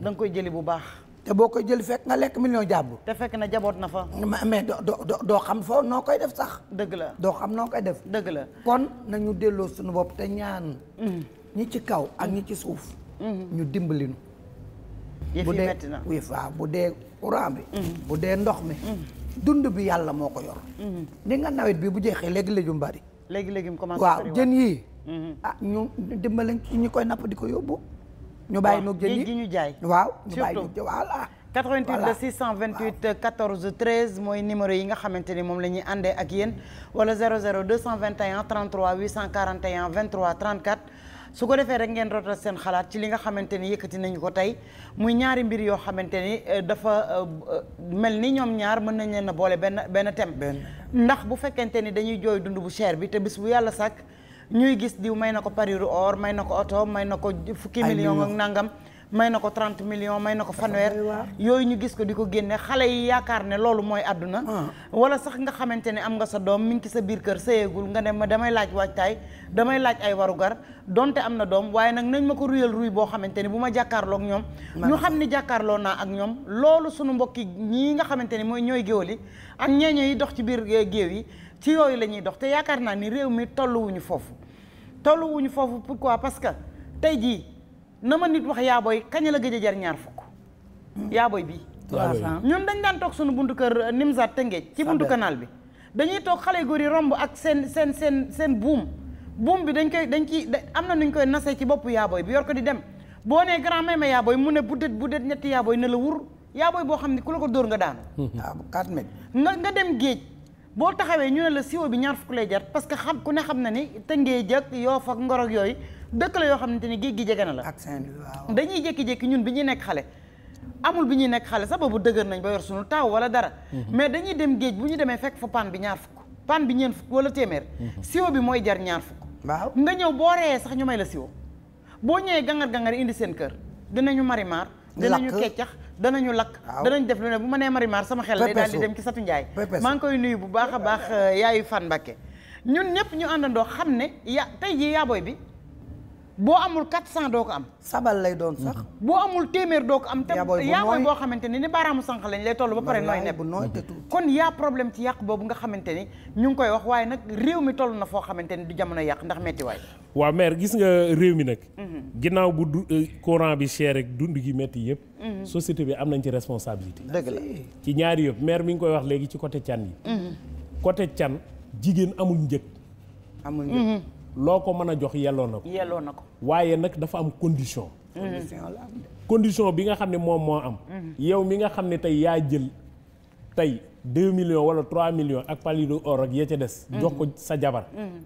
da koy jëli bu baax te boo koy jël fekk nga lekk million jàmbur. te fekk na jaboot na fa. mais doo doo xam foo noo koy def sax. dëgg la doo xam noo koy def. dëgg la kon nañu delloo suñu bopp te ñaan. Mm-hmm. ñi ci kaw ak ñi ci suuf. Mm-hmm. ñu dimbali ñu. bu dee na waaw bu dee mm-hmm. dee ndox mi. dund bi yàlla moo ko yor. ni nga nawet bi bu jeexee léegi léjum bari. léegi léegi mu commencé waaw jën yii. ah ñu dimbali ci ñu koy napp di ko yóbbu. ñu bàyyi noog jën yi ñu jaay waaw ñu bàyyi noog jën voilà 88 voilà. 628 14 13 mooy numéro yi nga xamante ni moom la ñuy àndee ak yéen wala 00 221 33 841 23 34 su ko defee rek ngeen rotal seen xalaat ci li nga xamante ni yëkkati nañu ko tey muy ñaari mbir yoo xamante ni euh, dafa euh, mel ni ñoom ñaar mën nañ leen a boole benn benn thème. ndax bu fekkente ni dañuy jooy dund bu cher bi te bis bu yàlla sàkk. ñuy gis diw may na ko pariru or may na ko oto may na ko fukki million ak nangam may na ko 30 million may na ko fanweer yooyu ñu gis ko di ko génne xale yi yaakaar ne loolu mooy àdduna ah. wala sax nga xamante ne am nga sa doom mi ngi ci sa biir kër sëyeegul nga dem ma damay laaj waajtaay damay laaj ay warugar donte am na doom waaye nag nañ ma ko ruyal ruy boo xamante ne bu ma jàkkaarloo ak ñoom ñu xam ni jàkkaarloo naa ak ñoom loolu suñu mbokki ñii nga xamante ne mooy ñooy géwël yi ak ñeeño yi dox ci biir géew yi ci yooyu la ñuy dox te yaakaar naa ni réew mi tolluwuñu foofu tolluwuñu foofu pourquoi parce que tey jii na ma nit wax yaaboy kañ la gëj a jar ñaar fukk yaaboy bii ñun dañ daan toog suñu buntu kër euh, te Tëngéej ci buntu kanaal bi dañuy toog xale góor yi romb ak seen seen seen seen buum buum bi dañ koy dañ ciy am na nuñ koy nasee ci bopp yaaboy bi yor ko di dem boo nee grand ma yaaboy mu ne buddet buddet ñetti yaaboy ne la wur yaaboy boo xam ne ku la ko dóor nga daanu 4 hmm. mètres nga nga dem géej boo taxawee ñu ne la siwo bi ñaar fukk lay jar parce que xam ku ne xam na ni tëngee jëkk Yoof ak Ngor ak yooyu dëkk la yoo xamante ni géej gi jege na la. ak waaw dañuy jékki-jékki ñun bi ñuy nekk xale. amul bi ñuy nekk xale sax boobu dëgër nañ ba yor suñu taaw wala dara. Mhm. mais dañuy dem géej bu ñu demee fekk fa paan bi ñaar fukk paan bi ñeen fukk wala téeméer. Mhm. siwo bi mooy jar ñaar fukk. waaw nga ñëw boo reyee sax ñu may la siwo boo ñëwee gangar gangar indi seen kër dinañu marimar dinañu keccax danañu lakk danañ def lu ne bu ma nee Marimar sama xel lay daal di dem ci Satu Njaay maa ngi koy nuyu bu baax a baax euh, yaayu Fan Mbakke ñun ñëpp ñu àndandoo xam ne ya tey jii yaaboy bi boo amul 400 doo ko am. sabal lay doon sax. Mm-hmm. boo amul téeméer doo ko am. te yaabooy boo xamante ni ni baaraamu sànq lañ lay toll ba pare nooy nepp kon yaa problème ci yàq boobu nga xamante ni ñu ngi koy wax waaye nag réew mi toll na foo xamante ni du jamono yàq ndax metti waay. waaw maire gis nga réew mi nag. Mm-hmm. ginnaaw bu du euh, courant bi cher rek dund gi metti yëpp. Mm-hmm. société bi am nañ ci responsabilité. dëgg la ci ñaari yëpp maire mi ngi koy wax léegi ci côté can yi. côté can jigéen amul njëg. loo ko mën a jox yelloo na ko. yelloo na ko waaye nag dafa am condition. condition bi nga xam ne moom moo am. Mhm. yow mi nga xam ne tey yaa jël tey 2 millions wala 3 millions ak palido or ak ya ca des. Mhm. jox ko sa jabar. Mhm.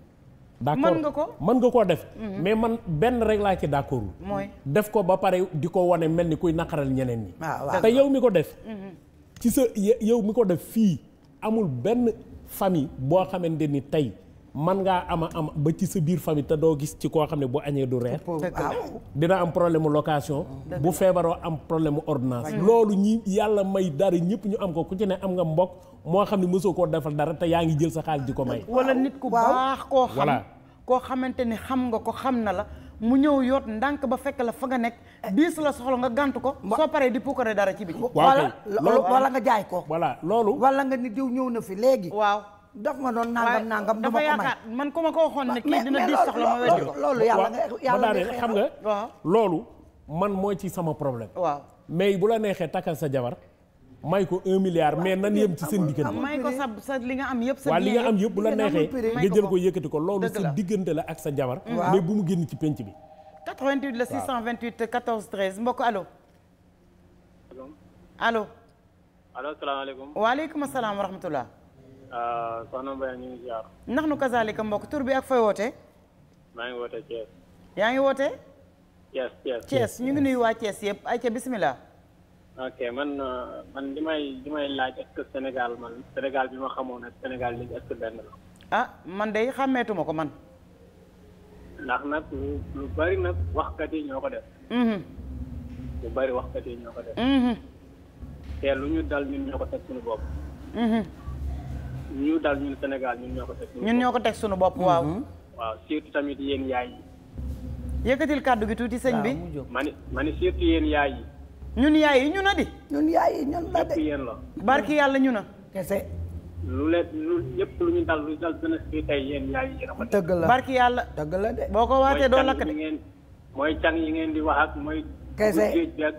d'accord mën nga ko mën nga koo def. mais man benn rek laa ci d'accord. mooy def ko ba pare di ko wane mel ni kuy naqaral ñeneen ñi. Ah, te yow mi ko def. ci sa yow mi ko def fii amul benn famille boo xamante ni tey. man ngaa ama am ba ci sa biir famille te doo gis ci koo xam ne bu añee du reer dina am problème mu location bu feebaroo am problème mu ordonnance loolu ñi yàlla may dara ñëpp ñu am ko ku ci ne am nga mbokk moo xam ne mosoo koo defal dara te yaa ngi jël sa xaalis di ko may wala nit ku baax koo xam koo xamante ni xam nga ko xam na la mu ñëw yoot ndànk ba fekk la fa nga nekk diis la soxla nga gànt ko soo paree di pukkare dara ci biti wala nga jaay ko voilà na fi léegi daf ma doon nangam nangam du ma ko may dafa yaakaar man ku ma ko waxoon ne kii dina diis soxla ma weddi ko loolu yàlla nga yàlla nga xam nga loolu man mooy ci sama problème waaw mais bu la neexee takkal sa jabar may ko un milliard mais nan yem ci seen diggante may ko sa sa li nga am yëpp sa waaw li nga am yëpp bu la neexee nga jël ko yëkkati ko loolu sa diggante la ak sa jabar mais bu mu génn ci penc bi 88 la 628 14 13 mbokk allo allo allo salaamaaleykum waaleykum asalaam wa rahmatullah Euh, soxna Mbaye ñu ngi ziar. ndax nu kazaalika mbokk tur bi ak fa wootee. maa ngi wootee Thiès. yaa ngi wootee. Thiès Thiès Thiès ñu ngi nuyu waa Thiès yëpp ayca bisimilah. ok man euh, man li may li may laaj est-ce Sénégal man Sénégal bi ma xamoon ak Sénégal léegi est-ce que benn la. ah man de xàmmeetuma ko man. ndax nag lu lu bari nag waxkat yi ñoo ko def. Mhm. lu bari wax yi ñoo ko def. Mhm. te lu ñu dal ñun ñoo ko teg suñu bopp. Mhm. ñu daal ñun Sénégal ñun ñoo ko teg. ñun ñoo ko teg suñu bopp waaw. Mhm. waaw surtout tamit yéen yaay yi. yëkkatil kàddu gi tuuti sëñ bi ma ni ma ni surtout yaay yi. ñun yaay yi ñu na di. ñun yaay yi ñun la de barki yàlla ñu na. kese. lu leen lu ñu dal lu dal dina si la yàlla. dëgg la de boo ko waatee doo lakk de mooy càng yi ngeen di wax ak mooy. kese géej bi ak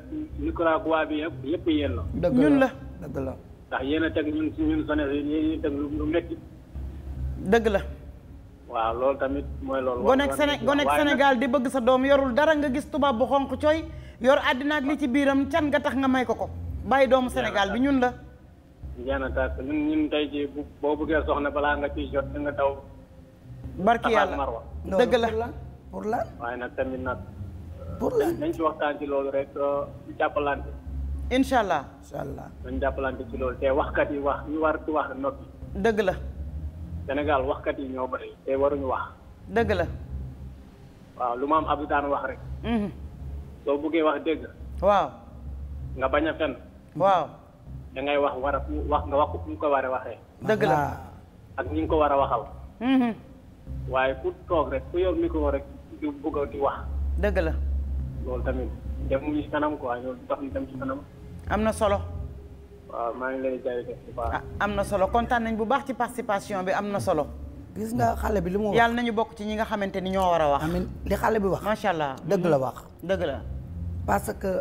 bi yëpp yëpp la. dëgg la ñun la dëgg la. ndax yéen a teg ñun ñun SONES yéen ñuy lu métti. dëgg la. waaw loolu tamit mooy loolu. gonek Séné gonek Sénégal di bëgg sa doom yorul dara nga gis tubaab bu xonq coy yor àddina ak li ci biiram can nga tax nga may ko ko bàyyi doomu Sénégal bi ñun la. jaana tax ñun ñun tey boo bëggee soxna balaa nga ciy jot nga taw barki yàlla dëgg la pour la waaye nag tamit nag. pour la nañ ci waxtaan ci loolu rek euh, jàppalante. incha allah incha allah. dañu jàppalante ci loolu te waxkat yi wax ñu war ci wax noppi. dëgg la. Sénégal waxkat yi ñoo bëri te waruñu wax. dëgg la. waaw lu ma am abitaan wax rek. Mhm. soo buggee wax dëgg. bañ a fen. wax war wax nga wax ku ko war waxee. dëgg la ak ñi nga ko war a waxal. Mhm. waaye ku toog rek ku yor micro rek du bugg wax. dëgg la. loolu tamit dem mu ñu kanam quoi ñoom dox ñu dem ci kanam. am na solo. Ah, am na solo kontaan nañ bu baax ci participation bi am na solo. gis nga xale bi li mu wax yàlla nañu bokk ci ñi nga xamante ni ñoo war a wax. amiin li xale bi wax. macha allah dëgg la wax. Mm-hmm. dëgg la. parce que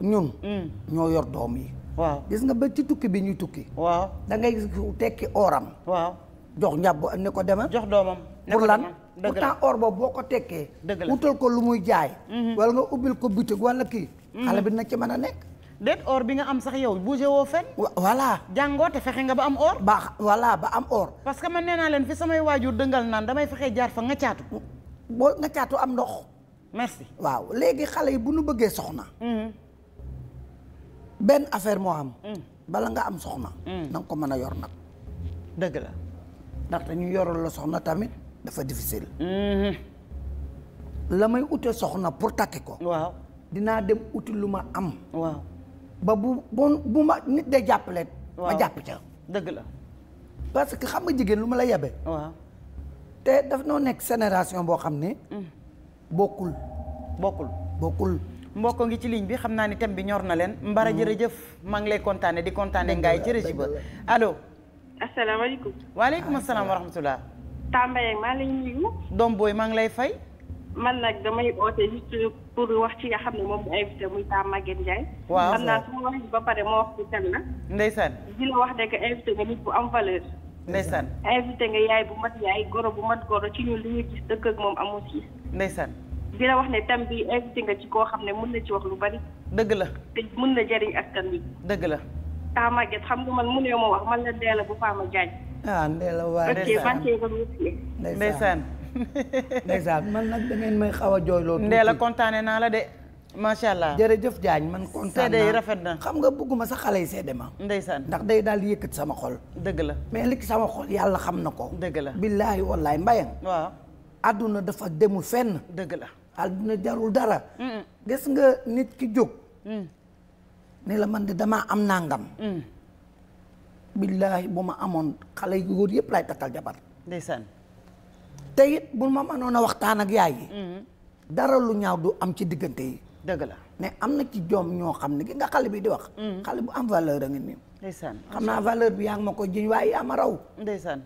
ñun. Mm. ñoo yor doom yi. waaw gis nga ba ci tukki bi ñuy tukki. waaw da ngay gis tekki oram. waaw jox njàbb ne ko demal. jox doomam. pour lan pourtant or boobu boo ko tekkee. dëgg wutal ko lu muy jaay. Mm-hmm. wala nga ubbil ko butig walla kii. Mm-hmm. xale bi na ci mën a nekk. déet or bi nga am sax yow bougé woo fen voilà jàngoo te fexe nga ba am or ba voilà ba am or parce que man nee naa leen fi samay waajur dëngal naan damay fexe jaar fa nga caatu boo nga am ndox merci waaw léegi xale yi bu nu bëggee soxna mm-hmm. benn affaire moo am mm. bala nga am soxna mm. na nga ko mën a yor nag dëgg la ndaxte ñu yorul la soxna tamit dafa difficile mm-hmm. la may ute soxna pour takki ko waaw dinaa dem uti lu ma am ba bu bon bu ma nit day jàppale. ma jàpp ca. dëgg la. parce que xam nga jigéen lu ma la yebe. te daf noo nekk sénération boo xam ne. Mm. bokkul. bokkul bokkul. mbokk ngi ci ligne bi xam naa ni thème bi ñor na leen. Mm. Mbara jërëjëf maa ngi lay kontaane di kontaane ngaay jërëjëf ba allo. asalaamaaleykum. waaleykum asalaam wa rahmatulah. Tamba yeeg maa ngi lay nuyu. doom booy maa ngi lay fay. man nag damay oote juste pour wax ci nga xam ne moom la invité muy Dame Maguette Ndiaye. waaw xam naa su ma waxee ba pare ma wax ci kan la. ndeysaan. di la wax ne que invité nga nit bu am valeur. ndeysaan. invité nga yaay bu mat yaay goro bu mat goro ci ñun li gis dëkk ak moom amu ci. ndeysaan. di la wax ne tam bi invité nga ci koo xam ne mën na ci wax lu bari. dëgg la te mën na jëriñ askan wi. dëgg la. Dame xam nga man mu ne ma wax man la Ndéla bu Fama Diagne. ah Ndéla waaw ndeysaan ok man cee ndeysaan man nag da may xaw a jooyloo tuuti Ndella kontaane naa la de macha allah jërëjëf Diagne man kontaan naa rafet na xam nga bëgguma sa xale yi seede ma ndeysaan ndax day daal yëkkat sama xol dëgg la mais li ci sama xol yàlla xam na ko dëgg la billaahi wallaahi mbayang waaw àdduna dafa demul fenn dëgg la àdduna jarul dara gis nga nit ki jóg mm. ne la man de damaa am nangam mm. billaahi bu ma amoon xale yu góor yëpp laay takkal jabar ndeysaan te it bu ma mënoon a waxtaan ak yaay mm-hmm. dara lu ñaaw du am ci diggante yi. dëgg la mais am na ci joom ñoo xam ne gi nga xale bii di wax. Mm-hmm. xale bu am valeur a ngi nii. xam naa valeur bi yaa ngi ma ko ji jiñ waaye yaa ma raw. ndeysaan.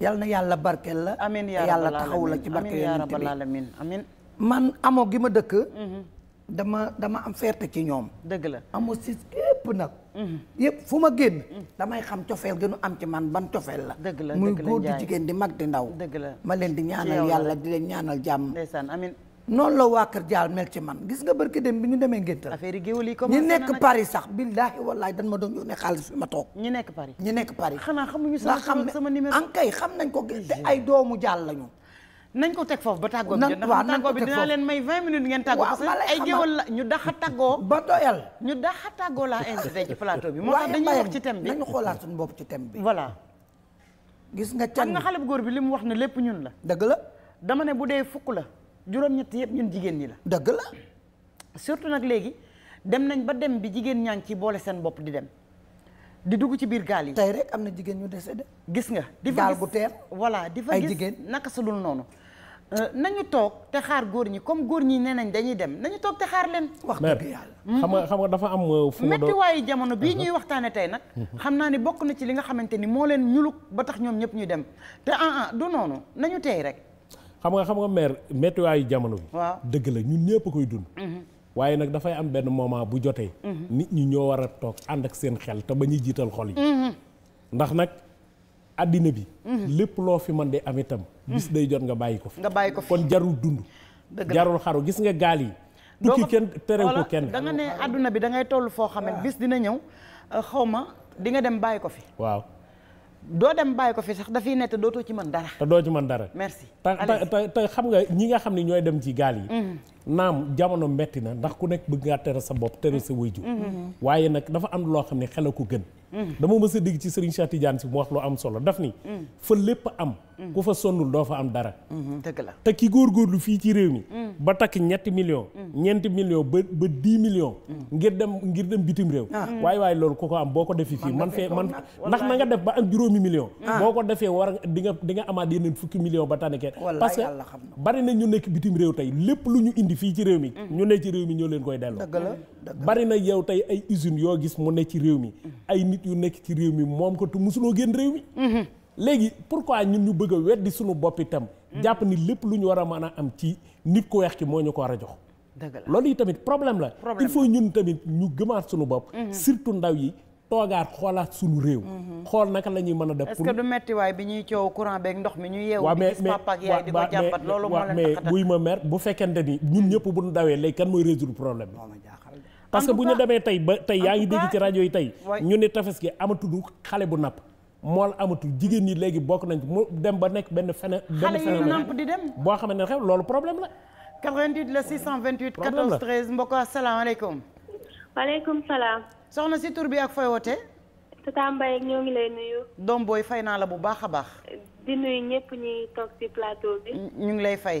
yal na yàlla barkeel la. amiin yaa rabbal aalamiin yàlla taxaw la ci barkeel yi. amiin yaa rabbal aalamiin man amoo gi ma dëkk. Mm-hmm. dama dama am fierté ci ñoom. dëgg la amul si yëpp nag. Mhm. yëpp fu ma génn. Mhm. damay xam cofeel gënu am ci man ban cofeel la. dëgg la muy góor di jigéen di mag di ndaw. dëgg la ma leen di ñaanal yàlla di leen ñaanal jàmm. ndeysaan amin noonu la waa Kër Jaal mel ci man gis nga barki dem bi ñu demee ngéntal affaire géwël yi ñi nekk Paris sax billaahi wallaahi dan ma doon yónnee xaalis fi ma toog ñi nekk Paris ñi nekk Paris xanaa xamuñu sama numéro nga xam ne ankay xam nañ ko te ay doomu Jaal lañu nañ ko teg foofu ba tàggoo bi ndax tàggoo bi dinaa leen may 20 minutes ngeen tàggoo parce que ay géwal ñu daxa tàggoo ba doyal ñu daxa tàggoo laa invité ci plateau bi moo tax dañuy wax ci thème bi nañu xoolaat suñu bopp ci thème gis nga can nga xale bu góor bi li mu wax na lépp ñun la dëgg la dama ne bu dee fukk la juróom-ñett yëpp ñun jigéen ñi la dëgg la surtout nag léegi dem nañ ba dem bi jigéen ñaa ngi ci boole seen bopp di dem di dugg ci biir gaal yi. tey rek am na jigéen ñu décédé. gis nga di fa gis gaal gu teer. voilà di fa naka su noonu. Euh, nañu toog te xaar góor ñi comme góor ñi nee nañ dañuy dem nañu toog te xaar leen. wax dëgg yàlla xam nga mhm. xam nga dafa am. Euh, fu mu méttiwaayu jamono bii ñuy waxtaanee tey nag. Mhm. xam naa ni bokk na ci li nga xamante ni moo leen ñuluk ba tax ñoom ñëpp ñu dem te ah ah du noonu nañu tey rek. xam nga xam nga maire méttiwaayu jamono bi. waaw dëgg la ñun ñëpp koy dund. Mhm. waaye nag dafay am benn moment bu jotee. nit ñi ñoo war a toog ànd ak seen xel te ba ñuy jiital xol yi. ndax nag. àddina bi. Mhm. lépp loo fi mën de am itam. bis mhm. day jot nga bàyyi ko fi. nga bàyyi ko fi kon jarul dund. jarul xaru gis nga gaal yi. tukki kenn terew ko kenn. da nga ne àdduna bi da ngay toll foo xam ne ah. bis dina ñëw euh, xaw ma di nga dem bàyyi ko fi. waaw. doo dem bàyyi ko fi sax dafay ne te dootoo ci man dara. te doo ci man dara. merci te te xam nga ñi nga xam ne ñooy dem ci gaal yi. Mhm. naam jamono metti na ndax ku nekk bëgg ngaa tere sa bopp tere sa wëyju. waaye nag dafa am loo xam ne xel a ko gën. dama mës a dégg ci Serigne Cheikh Tidiane si mu wax lu am solo daf ni. Mm. fa lépp am. Mm. ku fa sonnul doo fa am dara. Mm-hmm. dëgg la te ki góorgóorlu fii ci réew mi. Mm. ba takk ñetti millions. ñeenti millions ba ba dix millions. ngir dem ngir dem bitim réew. waaye ah. waaye loolu ku ko am boo ko defee fii man fee man ndax na nga def ba am juróomi millions. Ah. boo ko defee war di nga di nga amaat yeneen fukki millions ba tànn kenn. parce que bari na ñu nekk bitim réew tey lépp lu ñu indi fii ci réew mi. ñu ne ci réew mi ñoo leen koy delloo. dëgg la bari na yow tey ay usines yoo gis mu ne ci réew mi nit yu nekk ci réew mi moom ko tu musuloo génn réew mi léegi pourquoi ñun ñu bëgg a weddi suñu bopp itam jàpp ni lépp lu ñu war a mën a am ci nit ku weex ki moo ñu a jox loolu yi tamit problème la il faut ñun tamit ñu gëmaat suñu bopp mhm. surtout ndaw yi toogaat xoolaat suñu réew mhm. a def est bu fekkente ni ñun ñëpp bu ñu dawee léegi kan mooy résoudre problème bi parce que bu ñu demee tey ba tey yaa ngi dégg ci rajo yi tey ñu ne tefes gi amatu amatudu xale bu napp mool amatul jigéen ñi léegi bokk nañ mu dem ba nekk benn fene benn fene boo xam ne loolu problème la 88 la 628 14 13 mbokk asalaamaaleykum waaleykum salaam soxna si tur bi ak fooy wootee Tata Mbaye ñoo ngi lay nuyu doom booy fay naa la bu baax a baax di nuyu ñëpp ñuy toog ci plateau bi ñu ngi lay fay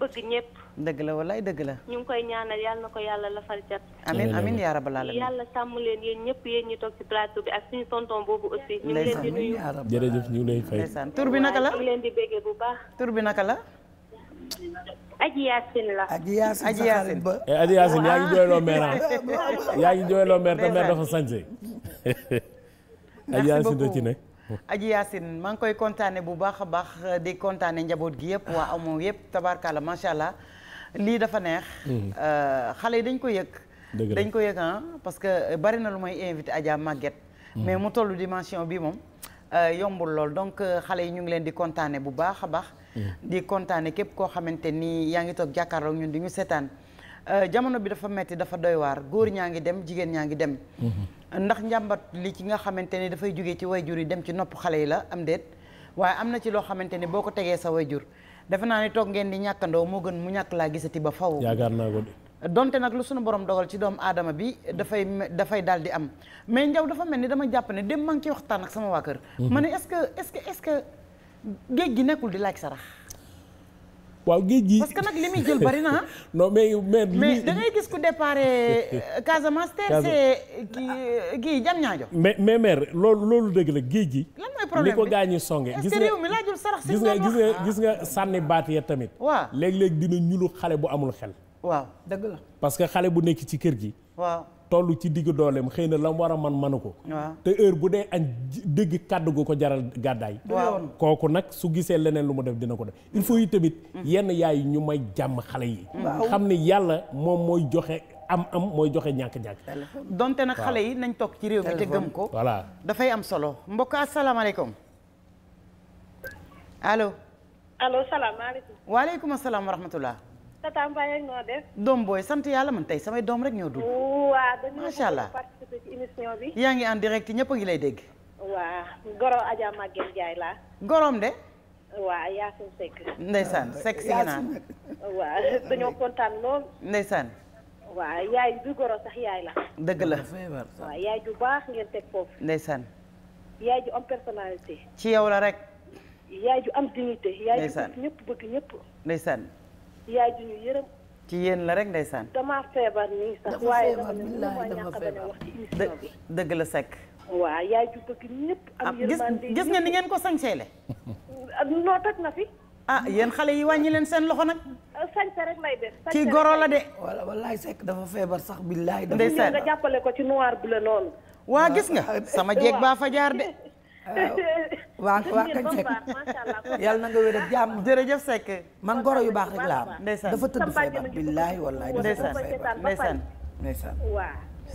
bëgg ñëpp. dëgg la walaay dëgg la. ñu ngi koy ñaanal yàlla na ko yàlla lafal cat. amiin amiin yaa rabbal aalamiin yàlla sàmm leen yéen ñëpp yéen ñu toog ci plateau bi ak suñu tonton boobu aussi. ñu ngi leen di tur bi naka la ñu ngi bi naka la. Aji Yaasin la. Aji Yaasin Aji eh, yaa ngi jooyloo meer ah. yaa ngi jooyloo meer te meer dafa sañse. Aji Yaasin da ci nekk. Aji Yacine maa ngi koy kontaane bu baax a baax di kontaane njaboot gi yëpp waa amoo yëpp tabarkalla macha allah lii dafa neex. Mhm. Euh, xale yi dañ ko yëg. dañ ko yëg ah parce que bari na lu may invité Adja màgget mhm. mais mu tollu dimension bi moom euh, yombul lool donc euh, xale yi ñu ngi leen di kontaane bu baax a baax. Mhm. di kontaane képp koo xamante ni yaa ngi toog jàkkaarloog ñun di ñu seetaan. Euh, jamono bi dafa metti dafa doy waar góor ñaa ngi dem jigéen ñaa ngi dem mm-hmm. ndax njàmbat li ci nga xamante ni dafay jóge ci way jur yi dem ci nopp xale yi la am déet waaye am na ci loo xamante ni boo ko tegee sa way jur defe naa ni toog ngeen di ñàkkandoo moo gën mu ñàkk laa gisati ba faw yaakaar naa ko de donte nag lu sunu borom dogal ci doomu aadama bi dafay dafay daal di am mais njaw dafa mel ni dama jàpp ne dem maa ngi ciy waxtaan ak sama waa kër mm-hmm. ma ne est-ce que est-ce que ce que géej gi nekkul di sarax waaw géej gi parce que nag li muy jël bari na non mais mais. mais da ngay gis ku départ euh, Casamance. Casamance kii euh, kii jam ñaajo. mais mais maire loolu loolu dëgg la géej gi. lan mooy problème bi songe. gis nga gis nga gis nga gis nga sànni baat yi tamit. waaw léeg-léeg dina ñuulu xale bu amul xel. waaw dëgg la. parce que xale bu nekk ci kër gi. toll ci diggu dooleem xëy na la mu war a man manu ko te heure bu dee añ dégg kàddu gu ko jaral gàddaay kooku nag su gisee leneen lu mu def dina ko def il faut yi tamit mm. yenn yaay ñu may jàmm xale yi mm. xam ne yàlla moom mooy joxe am am mooy joxe ñàkk-ñàkk donte nag xale yi nañ toog ci réew mi te gëm ko voilà dafay am solo mbokk asalaamaaleykum allo allo salaamaaleykum waaleykum asalaam wa tata Mbaye ak noo def. doom booy sant yàlla man tey samay doom rek ñëw dugg. waa dañoo macha allah participer bi. yaa ngi en direct ñëpp ngi lay dégg. waa goro Adja Maguette Ndiaye laa. gorom de. waa Yacine kontaan lool. ndeysaan. waa yaay du goro sax yaay la. dëgg la. waa yaay ju baax ngeen teg foofu. ndeysaan. yaay ju am personnalité. ci yow la rek. yaay ju am dignité. ndeysaan yaay ju bëgg ñëpp bëgg ñëpp. yaay ju ñu ci yéen la rek ndeysaan. damaa feebar nii waaye dafa feebar wax ci émission bi. dëgg la sekk. waa yaay ju bëgg ñëpp. am ah, gis nga ni ngeen ko sañseele. Ah, noo toj na fi. ah yéen xale yi wàññi leen seen loxo nag. Ah, sañse rek lay def. ci goro la de. wala wallaay sekk dafa feebar sax billaay. ndeysaan nga jàppale ko ci noir bu la waa gis nga sama jeeg baa fa jaar de. waaw waaw kañ Seck yàlla na nga wér ak jàmm jërëjëf sekk man goro yu baax rek laa am dafa tëdd feebar billaahi wallaahi dafa tëdd feebar ndeysaan ndeysaan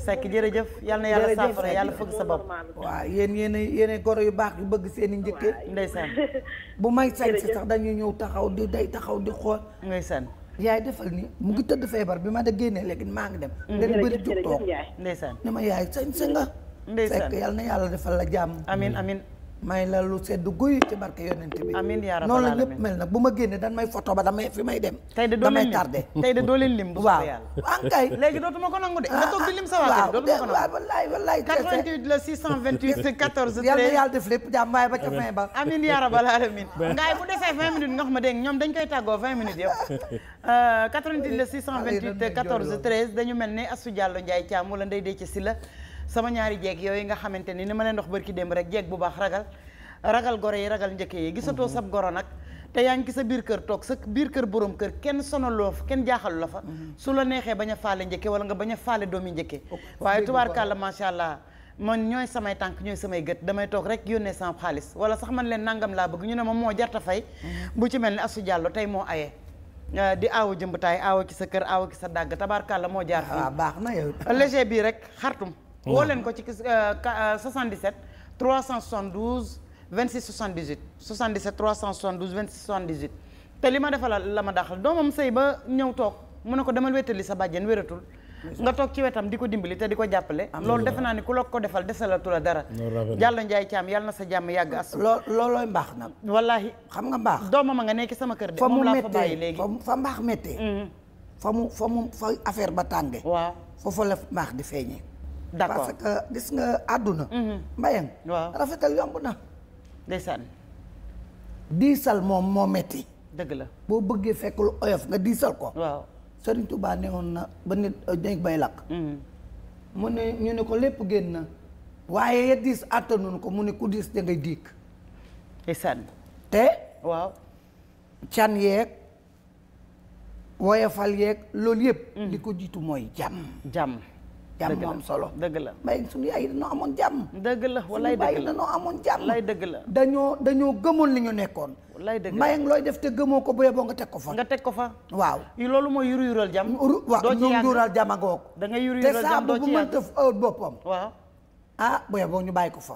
Seck jërëjëf yàlla na yàlla saafara yàlla fëgg sa bopp waaw yéen yéen yéen goro yu baax yu bëgg seen i njëkkee ndeysaan bu may sañ si sax dañuy ñëw taxaw di day taxaw di xool ndeysaan yaay defal ni mu ngi tëdd feebar bi ma da génnee léegi maa ngi dem dañu mm. bëri jóg toog ndeysaan ne ma yaay sañ nga fekk yal na yàlla defal la jàmm amin mm. amin may la lu sedd guy ci barke yonent bi noonu la ñëpp mel nag bu ma génnee dan may photo ba damay fi may dem tey de damay tardé tey de doo lim bu waaw ankay léegi dootuma ko nangu de nga toog di lim sa waa dootuma ko nangu na yàlla def lépp jàmm waaye ba ca fin ba amin yaa rabbal alamin ngaay bu defee 20 minutes nga xam ma ñoom dañ koy tàggoo 20 minutes yëpp 88 euh, la 628 14 13 dañu mel ne Astou Diallo Ndiaye Thiam wala Ndeye sama ñaari jeeg yooyu nga xamante ni ni ma leen dox ki démb rek jeeg bu baax ragal ragal gore yi ragal njëkke yi gisatoo sab goro nag te yaa ngi sa biir kër toog sa biir kër borom kër kenn sonaloo fa kenn jaaxalu la fa mm-hmm. su la neexee ba a faale njëkke wala nga bañ a faale doomi njëkke waaye tubaarkàlla macha allah man ñooy samay tànk ñooy samay gët damay toog rek yónnee sama xaalis wala sax man leen nangam laa bëgg ñu ne ma moo jarta fay mm-hmm. bu ci mel ni Asu Jàllo tey moo aye ah, di aawo jëmbataay aawo ci sa kër aawo ci sa dàgg la moo jaar fii ah, baax na yow bii rek xartum woo leen ko ci 77 372 26 78 77 372 26 78 te li ma defal la ma daaxal doomam sëy ba ñëw toog mu ne ko demal wétali sa bàjjen wératul nga toog ci wetam di ko dimbali te di ko jàppale loolu defe naa ni ku la ko defal desalatu la dara jàllo njaay caam yàlla na sa jàmm yàgg as loo loolooy mbaax nag wallaahi xam nga mbaax doomam a nga nekk sama kër de moom laa fa bàyyi léegi fa mbaax mm-hmm. fa mu fa mu fa affaire ba tànge waaw foofu la mbaax di feeñee d'accord que gis nga àdduna. Mhm. mbayang waaw rafetal yomb na. ndeysaan. diisal moom moo metti dëgg la boo bëggee fekk oyof nga diisal ko. waaw Serigne Touba woon na ba nit bay euh, lakk. Mhm. mu ne ñu ne ko lépp génn na. waaye ya diis àttanuñu ko mu ne ku diis da ngay diik. ndeysaan. te. waaw. can yeeg woyofal yeeg loolu yëpp. Mhm. li ko jiitu mooy jàmm. jàmm. jàmm am solo dëgg la mbay suñu yaay yi dañoo amoon jàmm dëgg la walaay dëgg la suñu dañoo amoon jàmm lay dëgg la dañoo dañoo gëmoon li ñu nekkoon walaay dëgg la mbay looy def te gëmoo ko bu boo nga teg ko fa nga teg ko fa waaw loolu mooy yuru yural jàmm waaw ñoom yural jàmm a ngoog da nga yuru yural doo ci yàgg te saa bu mënta boppam waaw ah bu boo ñu bàyyi ko fa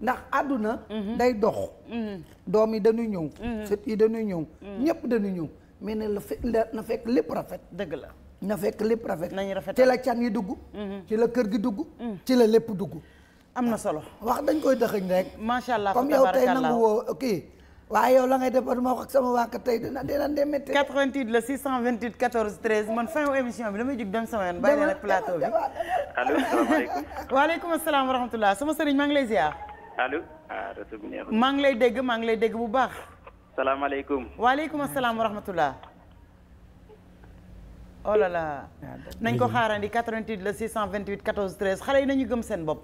ndax àdduna mhm. day dox mhm. doom yi dañuy ñëw mhm. sët yi dañuy ñëw ñëpp dañuy ñëw mais ne la na fekk lépp rafet dëgg la na fekk lépp rafet nañu rafet ci la can yi dugg mhm. ci la kër gi dugg mhm. ci la lépp dugg am na solo wax dañ koy dëxëñ rek macha allah comme yow tey nangu woo kii waaye yow la ngay defar ma wax sama waa tey dina dina de métti 88 la 628 14 13 man fin wu émission bi damay jug dem sama yoon bàyyi plateau bi allo salaamaaleykum waaleykum asalaam wa rahmatullah sama sëriñ maa ngi lay ziar ah, maa ngi lay dégg maa ngi lay dégg bu baax salaamaaleykum waaleykum asalaam wa rahmatullah oh là nañ ko xaarandi 88 la vingt 14 13 xale yi nañu gëm seen bopp.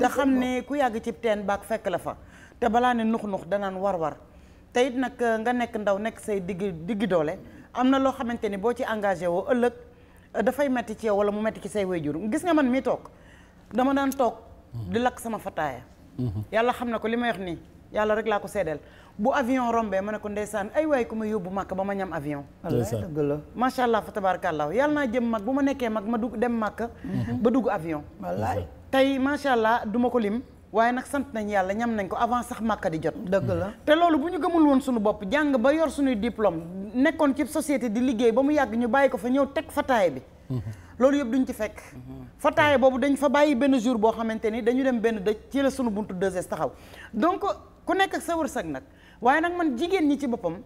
nga xam ne ku yàgg ci teen baak fekk la fa. te balaa ne nux-nux danaan war-war teyit nag eh, nga nekk ndaw nekk say digg diggi doole am na loo xamante ni boo ci engagé woo ëllëg eh, dafay metti ci yow wala mu metti ci say wayjur gis nga man mi toog dama daan toog. di lakk sama fataaya. Mm-hmm. yàlla xam na ko li may wax nii yàlla rek laa ko seedeel. bu avion rombee ma ne ko ndeysaan ay waay ku ma yóbbu màkk ba ma ñam avion dëgg la macha allah fa tabarakallah yàlla naa jëm mag bu ma nekkee mag ma dugg dem màkk mhm. ba dugg avion wallaay tey macha allah du ko lim waaye nag sant nañ yàlla ñam nañ ko avant sax màkka di jot dëgg la te loolu bu ñu gëmul woon suñu bopp jàng ba yor suñuy diplôme nekkoon ci société di liggéey ba mu yàgg ñu bàyyi ko fa ñëw teg fataay bi mhm. loolu yëpp duñ ci fekk mhm. fataaye boobu dañ fa bàyyi benn jour boo xamante ni dañu dem benn dëj ci la sunu buntu taxaw donc ku nekk ak sa nag waaye nag man jigéen ñi ci boppam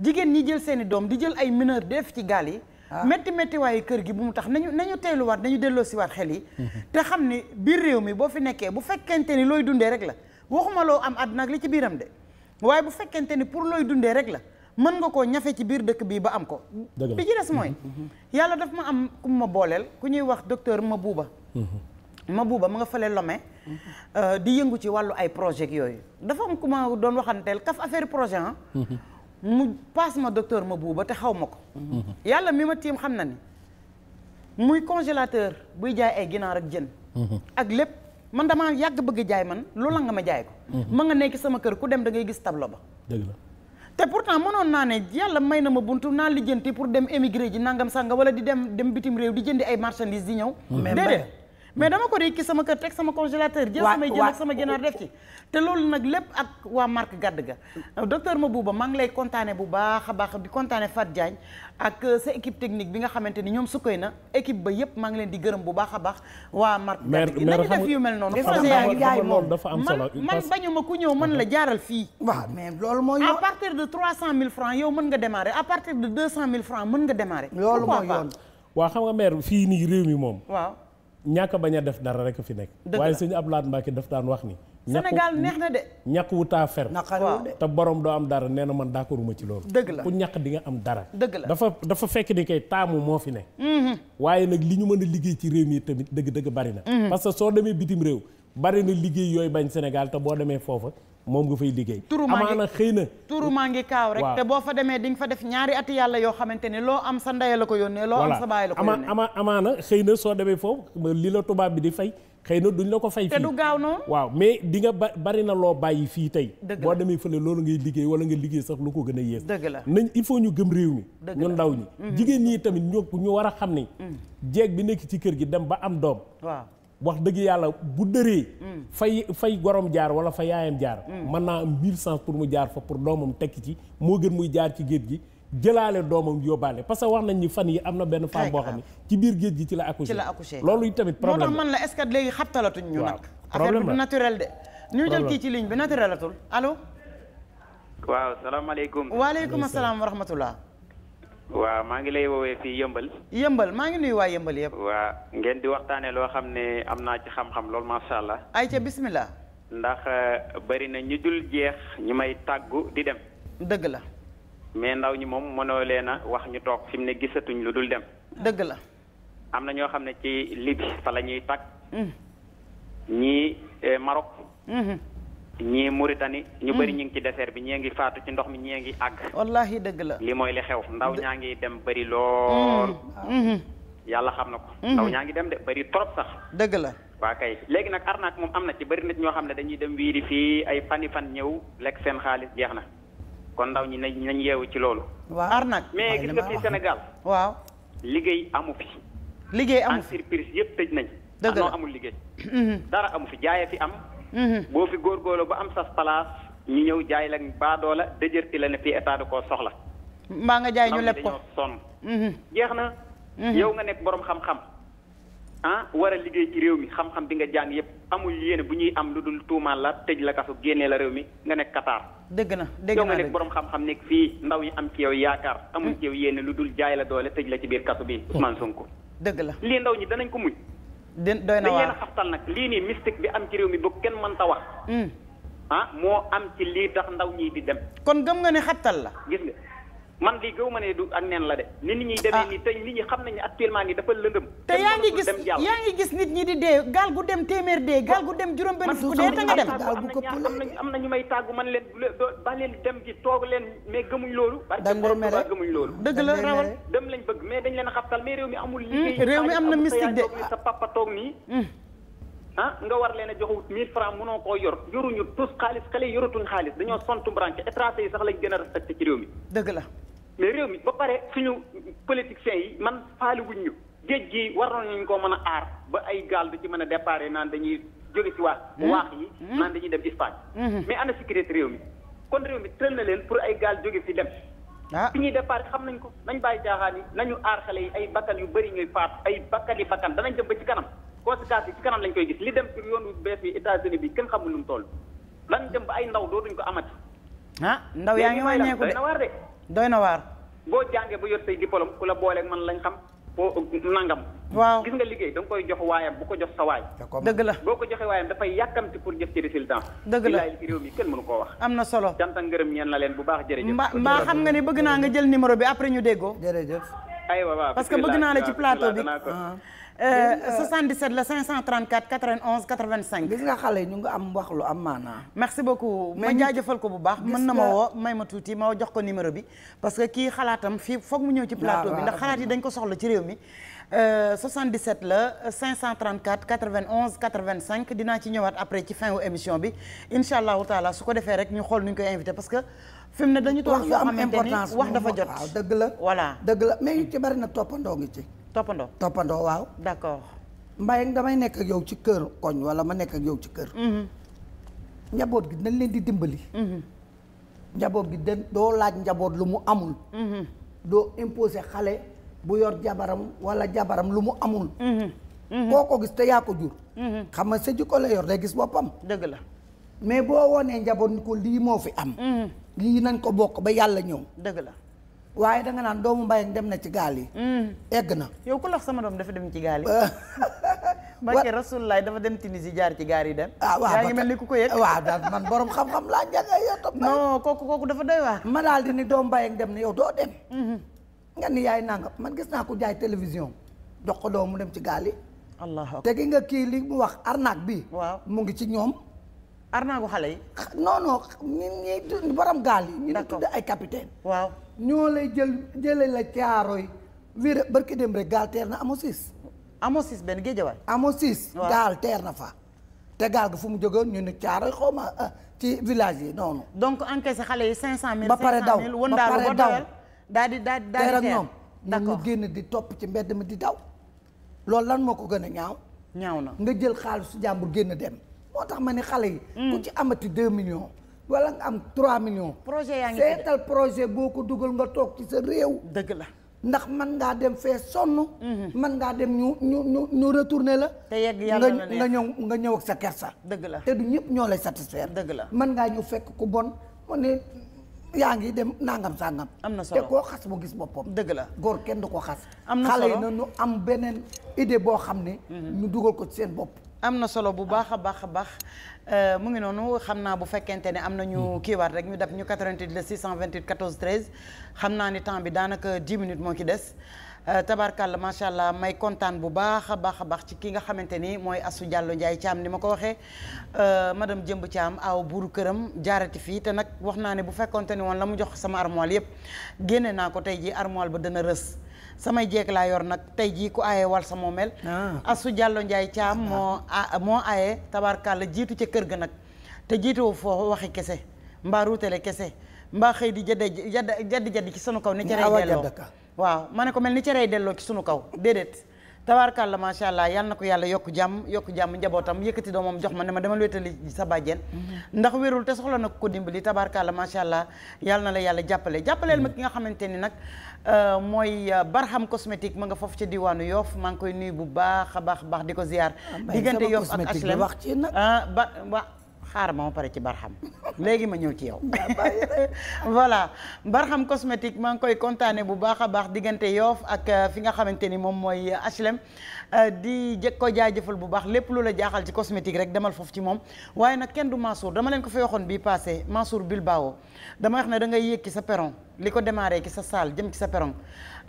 jigéen ñi jël seeni doom di jël ay mineur def ci gaal yi ah. métti métti waaye kër gi bu mu tax nañu nañu teeluwaat nañu delloosiwaat xel yi te xam ni biir réew mi boo fi nekkee bu fekkente ni looy dundee rek la waxuma loo am àdduna ak li ci biiram de waaye bu fekkente ni pour looy dundee rek la mën nga koo ñafe ci biir dëkk bii ba am ko bi ci des mooy yàlla daf ma am ku ma booleel ku ñuy wax docteur buuba mhm. ma Mabouba ma nga fële Lomé euh, di yëngu ci wàllu ay projet yooyu dafa am ku ma doon waxanteel kaf affaire projet ah mu paas ma docteur Mabouba te xaw ma ko yàlla mi ma tiim xam na ni muy congélateur buy jaay ay ginaar ak jën ak lépp man damaa yàgg bëgg jaay man loola nga ma jaay ko ma nga nekk sama kër ku dem da ngay gis tableau ba dëgg la te pourtant mënoon naa ne yàlla may na ma bunt naa lijjanti pour dem émigré ji nangam sanga wala di dem dem bitim réew di jëndi ay marchandises di ñëw mais dama ko réy ci sama kër teg sama congélateur jël samay jën ak sama ginaar def ci te loolu nag lépp ak waa marque gàdd ga docteur ma maa ngi lay kontaane bu baax a baax di kontaane Fat Diagne ak euh, sa équipe technique bi nga xamante ni ñoom sukkay na équipe yëpp maa ngi leen di gërëm bu baax a waa marque gàdd yu mel noonu jaay moom dafa am solo man bañu ma ku ñëw mën la jaaral fii waaw mais loolu mooy à partir de trois mille francs yow mën nga démarrer à partir de deux cent mille francs mën nga démarrer loolu mooy xam nga mère fii nii réew mi moom waaw ñàkk bañ a def dara rek fi nekk. waaye suñu ab laat Mbacke daf daan wax ni. Sénégal neex na de. ñàkk wu taa fer. te borom doo am dara nee na man d'accorduma ci loolu. dëgg la ku ñàkk di nga am dara. dëgg la dafa dafa fekk ni kay taamu moo fi ne. Mhm. waaye nag li ñu mën a liggéey ci réew mi tamit dëgg-dëgg bari na. Mhm. parce que soo demee bitim réew. bari na liggéey yooyu bañ Sénégal te boo demee foofa. moom nga fay liggéey. amaana xëy na turu maa ngi kaaw te boo fa demee di nga fa def ñaari ati yàlla yoo xamante ne loo am sa ndey la ko yónnee. loo am sa baay la ko yónnee na soo demee foofu li la tubaab bi di fay. xëy na duñ la ko fay fii te gaaw noonu. waaw mais di nga ba bari na loo bàyyi fii tey. boo demee fële loolu ngay liggéey wala nga liggéey sax lu ko gën a yées. dëgg la nañ il faut ñu gëm réew mi. ñu ndaw ñi. Mhm. jigéen ñi tamit ñu ñu war a xam ni. Mhm. jeeg bi nekk ci kër gi dem ba am doom. wax dëgg yàlla bu dëree. Mm. fay fay gorom jaar wala fa yaayam jaar. Mm. mën naa am mille sens pour mu jaar fa pour doomam tekki ci moo gën muy jaar ci géej gi. jëlaale doomam yóbbaale parce que wax nañ ni fan yi am na benn femme boo xam ne ci biir géej gi ci la accouché ci la accouché loolu tamit problème moo tax man la est léegi xabtalatuñ ñu nag affaire bi du naturel de ñu jël kii ci ligne bi naturelatul allo. waaw salaamaaleykum waaleykum asalaam wa waaw maa ngi lay woowee fii yëmbal yëmbal maa ngi nuyu waa yëmbal yëpp waa ngeen di waxtaane loo xam ne am naa ci xam-xam loolu macha allah ay ca bismillah ndax euh, bari na ñu dul jeex ñu may tàggu di dem dëgg la mais ndaw ñi moom mënoo leen a wax ñu toog fi mu ne gisatuñ lu dul dem dëgg la am na ñoo xam ne ci Libye fa ñuy tàgg mm. ñii euh, Maroc mm-hmm. ñii Mauritanie. ñu bëri mm. ñu ngi ci désert bi ñii ngi faatu ci ndox mi ñii ngi àgg. wallaahi dëgg la li mooy li xew ndaw ñaa ngi dem bari lool. Mm. Mm-hmm. yàlla xam na ko. Mm-hmm. ndaw ñaa ngi dem de bëri trop sax. dëgg la. waa kay léegi nag arnaque moom am na ci bari nag ñoo xam ne dañuy dem wii wiiri fii ay fani fan ñëw lekk seen xaalis jeex na kon ndaw ñi nañ nañ yeewu ci loolu. waaw arnaque mais gis nga fii Sénégal. waaw liggéey amu fi. liggéey amu fi entreprise yëpp tëj nañ. dëgg la liggéey. Mm-hmm. dara amu fi jaayee fi am. Mm-hmm. boo fi góorgóorlu ba am sas place ñu ñëw jaay la baadoola dëjërti la ne fii état da koo soxla. mbaa nga jaay ñu leb ko sonn. Mm-hmm. jeex na. Mm-hmm. yow nga nekk borom xam-xam. ah war a liggéey ci réew mi xam-xam bi nga jàng yëpp amul yéene bu ñuy am lu dul tuumaan la tëj la kasu génnee la réew mi nga nekk Qatar. dëgg na dëgg na nga nekk borom xam nekk fii ndaw yi am ci yaakaar. Mm. amul ci yow lu dul jaay la doole tëj la ci biir kasu bi oh. Ousmane Sonko. dëgg la lii ndaw ñi danañ ko muñ. doy na waar xaftal nag lii nii bi am ci réew mi ba kenn mënta wax. Hmm. Ah, moo am ci lii tax ndaw ñi di dem. kon gëm nga ni xattal la. gis man lii gëw ma ne du ak neen la de. ni nit ñi demee ah. nii tey nit ñi xam nañu actuellement ni dafa lëndëm. te yaa ngi gis yaa ngi gis nit ñi di dee gaal gu dem téeméer dee gaal gu dem juróom benn fukk dee te nga am na am na ñu may tàggu man leen ba leen dem gi toog leen mais gëmuñ loolu. dañ lay mere parce que loolu. dëgg la rawal dem lañ bëgg mais dañ leen xabtal mais réew mi amul. Hmm. liggéey am na sa papa toog nii. Hmm. ah nga war leen a joxu 1000 francs mënoo koo yor yoruñu tous xaalis xale yoratuñ xaalis dañoo sontu branché étranger yi sax lañ gën a respecté ci réew mi dëgg la mais réew mi ba pare suñu politiciens yi man faaliwuñ ñu géej gi waroon nañu ko mën a aar ba ay gaal du ci mën a déparé naan dañuy jóge ci waax hmm? waax yi hmm? naan dañuy dem Espagne hmm. mais ana sécurité réew mi kon réew mi tëral na leen pour ay gaal jóge fi dem ah. fi ñuy départ xam nañ ko nañ bàyyi jaaxaan yi nañu aar xale yi ay bakkan yu bëri ñuy faat ay bakkan yi bakkan danañ dem ba ci kanam conséquences yi ci kanam lañ koy gis li dem ci yoonu bees yi États-Unis bi kenn xamul nu mu toll lan dem ba ay ndaw dootuñ ko amati ah ndaw yaa ngi wàññeeku de doy na waar. boo jàngee ba yor say diplôme ku la booleeg man lañ xam. boo nangam. waaw gis nga liggéey da koy jox waayam bu ko jox sa waay. dëgg la boo ko joxee waayam dafay yàkkamti pour jëf ci résultat. dëgg la ci réew mi kenn mënu na solo jant ak ñeen la leen bu baax jërëjëf. mbaa mbaa xam nga ne bëgg naa nga jël numéro bi après ñu déggoo. jërëjëf. aywa waaw parce que bëgg naa la ci plateau bi 77 la 534 91 85. gis nga xale ñu ngi am wax lu am maanaa. merci beaucoup ma jaajëfal ko bu baax. mën na ma woo may ma tuuti ma jox ko numéro bi. parce que kii xalaatam fii foog mu ñëw ci plateau bi ndax xalaat yi dañ ko soxla ci réew mi. 77 la 534 91 85 dinaa ci ñëwaat après ci fin wu émission bi incha allahu taala su ko defee rek ñu xool nu ñu koy invité parce que. fi mu ne dañu toog wax lu am importance wax dafa jot. waaw dëgg la voilà dëgg la mais ci bari na toppandoo ngi ci. toppandoo toppandoo waaw. mbay nga may nekk yow ci kër koñ wala ma nekk yow ci kër. Mm-hmm. njaboot gi dañ leen di dimbali. Mm-hmm. njaboot gi dañ doo laaj njaboot lu mu amul. Mm-hmm. doo imposer xale bu yor jabaram wala jabaram lu mu amul. koo ko gis te yaa ko jur. xam nga sa jikko la yor day gis boppam. dëgg la mais boo wonee njaboot ni ko lii moo fi am. lii nañ ko bokk ba yàlla ñëw. dëgg la. waaye danga naan doomu mbayang dem na ci gaal yi. Mm. egg na. yow ku lax sama doom dafa dem ci gaal yi. Mbacke Rasulullah dafa dem Tunisie jaar ci gaal yi dem. ah waaw yaa ngi mel ni ku ko yëg. waaw daal man borom xam-xam laa njëkkee yow topp. non kooku kooku dafa doy waar. ma daal di ni doomu mbayang dem na yow doo dem. Mm-hmm. nga ni yaay nangam man gis naa ko jaay télévision jox ko doom mu dem ci gaal yi. allah te gi nga kii li mu wax arnaque bi. waaw mu ngi ci ñoom. arnaque gu xale yi. non non ñi ñi borom gaal yi. ñu ngi tudd ay capitaine waaw ñoo lay jël jëlee la yi wii barki dem rek gaal teer na amosis amosis benn géejawaay amosis gaal teer na fa te gaal ga fu mu jógoon ñu ne caaroy xaw ma ah, ci village yi noonu donc encaissé xale yi cinq cent mille ba pare daw ba pare daw daal di daal di teer ak ñoom ñu génn di topp ci mbedd mi di daw loolu lan moo ko gën a ñaaw ñaaw na nga jël xaalisu jàmbur génn dem moo tax ma ni xale yi mm. ku ci amati deux millions wala nga am 3 millions. projet yaa ngi seetal projet boo ko dugal nga toog ci sa réew. dëgg la ndax mën ngaa dem fee sonn. Mhm. mën ngaa dem ñu ñu ñu ñu retourner la. yegg yàlla na nga ñëw nga ñëw ak sa kersa. dëgg la te du ñëpp ñoo lay satisfaire. dëgg la mën ngaa ñëw fekk ku bon mu ne yaa ngi dem nangam sangam. am na solo te koo xas mu gis boppam. dëgg la góor kenn du ko xas. am na solo xale na ñu am beneen idée boo xam ne. Mhm. ñu dugal ko ci seen bopp. am na solo bu baax a baax a baax. Euh, mu ngi noonu xam naa bu fekkente ne am nañu hmm. kiiwaat rek ñu def ñu 88 le 628 14 13 xam naa ni temps bi daanaka 10 minutes moo ci des euh, tabarkàlla macha allah may kontaan bu baax a baax a baax ci ki nga xamante ni mooy Asou Diallo Ndiaye Thiam ni ma ko waxee euh, madame Jëmb Thiam aw buuru këram jaarati fii te nag wax naa ne bu fekkonte ni woon la mu jox sama armoire yëpp génne naa ko tey ji armoil ba dana rës. samay jeeg laa yor nag tey jii ku aaye wal sa moomeel ah. asu jàllo njaay caam moo moo aaye tabarkàlla jiitu ca kër ga nag te jiitoo foo waxi kese mbaa ruutale kese mbaa xëy di jadde jadd jaddi ci sunu kaw ni cerey delloo waaw ma ne ko mel ni cerey delloo ci sunu kaw déedéet tabaarkàlla macha allah yal na ko yàlla yokk jàmm yokk jàmm njabootam yëkkati doomam jox ma ne ma demal wéetali sa bàjjen mhm. ndax wérul te soxla na ko dimbali tabaarkàlla macha allah yal na la yàlla jàppale jàppaleel ma mhm. ki nga xamante ni nag euh, mooy euh, barham cosmétique ma nga foofu ca diwaanu yoof maa ngi koy nuyu bu baax a baax baax di ko ziar diggante yoof ak HLM ah, ba xaaral ma pare ci barxam léegi ma ñëw ci yow ah, voilà barxam cosmétique maa ngi koy kontaane bu baax a baax diggante yoof ak euh, fi nga xamante ni moom mooy euh, HLM Euh, di jëkk ko jaajëfal bu baax lépp lu la jaaxal ci cosmétique rek demal foofu ci moom waaye nag kenn du Mansour dama leen ko fa waxoon bii passé Mansour Bilbao dama wax ne da ngay yéeg ci sa perron li ko démarré ki sa salle jëm ci sa perron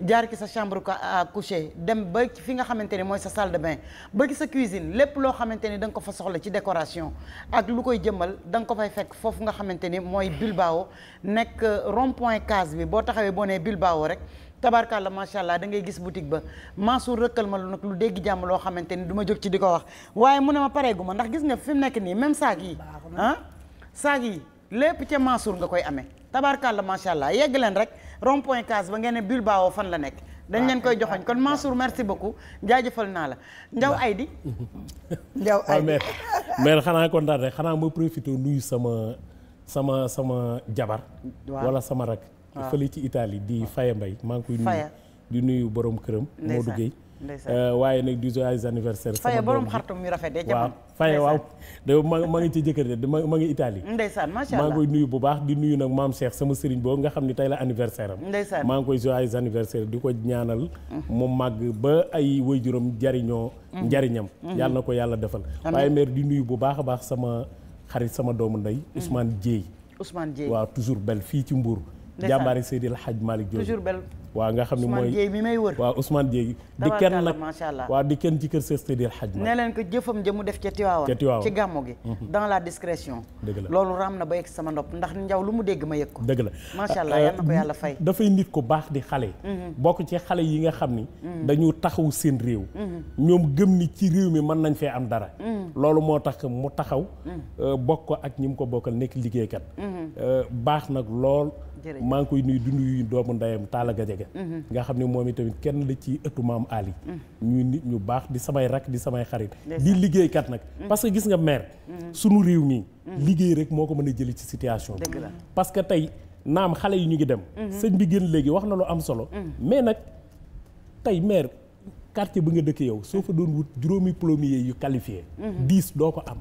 jaar ki sa chambre à coucher dem ba fi nga xamante ni mooy sa salle de bain ba ci sa cuisine lépp loo xamante ni danga ko fa soxla ci décoration ak lu koy jëmmal danga ko fay fekk foofu nga xamante ni mooy Bilbao nekk euh, rond point case bi boo taxawee boo nee Bilbao rek tabarkalla macha allah da ngay gis boutique ba Mansour rëkkal ma lu nag lu dégg jàmm loo xamante ni duma ma jóg ci di ko wax waaye mu ne ma pareegu ma ndax gis nga fi mu nekk nii même saag yi ah saag yi lépp ca Mansour nga koy amee la macha allah yegg leen rek rond point case ba ngeen ne Bilbao fan la nekk dañ leen koy joxoñ kon Mansour merci beaucoup jaajëfal naa la njaw Ndiaw Aydi Ndiaw Aydi mais xanaa kontaan rek xanaa ma profité nuyu sama sama sama jabar wala sama rak Ah. fële ci Italie di ah. Faye mbay maa ngi koy nuyu di nuyu borom këram Modou Gueye euh, waaye nag du joyeux anniversaire Faye borom xartum yu rafet de waaw Faye waaw da ma ma ngi ci jëkkër de ma ngi Italie ndeysaan macha allah maa ngi koy nuyu bu baax di nuyu nag maam Cheikh sama sëriñ boobu nga xam ne tey la anniversaire am ndeysaan maa ngi koy joyeux anniversaire di ko ñaanal mm. mu màgg ba ay waajuram jariñoo mm. njariñam mm. yàlla na ko yàlla defal waaye mère di nuyu bu baax a baax sama xarit sama doomu ndey Ousmane Dieye Ousmane Dieye waaw toujours bel fii ci Mbour jàmbaari Seydi El Hadj Malick Diop toujours bel waaw nga xam ne mooy Ousmane Dieye mi may wër waaw Ousmane Dieye di kenn nag macha allah waaw di kenn ci kër Seex Seydi El Hadj Malick ne leen ko def ca Tiwaawan ci gàmmu gi mhm. dans la discrétion dëgg la loolu raam na ba yegg sama nopp ndax njaw lu mu dégg ma yëg ko dëgg la macha allah ah, yal na ko ah, yàlla fay dafay nit ko baax di xale mhm. bokk ci xale yi nga xam ni mhm. dañu taxaw seen réew ñoom gëm ni ci réew mi mën nañ fee am dara loolu moo tax mu taxaw euh, bokk ko ak ñi mu ko bokkal nekk liggéeykat euh, baax nag lool maa ngi koy nuyu di nuyu doomu ndeyam Talla Gadiaga mhm. nga xam ne moom tamit kenn li ci ëttu maam Ali mhm. ñuy nit ñu baax di samay rak di samay xarit di liggéeykat nag mhm. parce que gis nga maire sunu réew mi liggéey rek moo ko mën a jëli ci situation bi parce que tey naam xale yi ñu ngi dem sëñ bi gën léegi wax na lu am solo mais nag tey maire quartier bi nga dëkk yow soo fa doon wut juróomi plombier yu qualifié dix doo ko am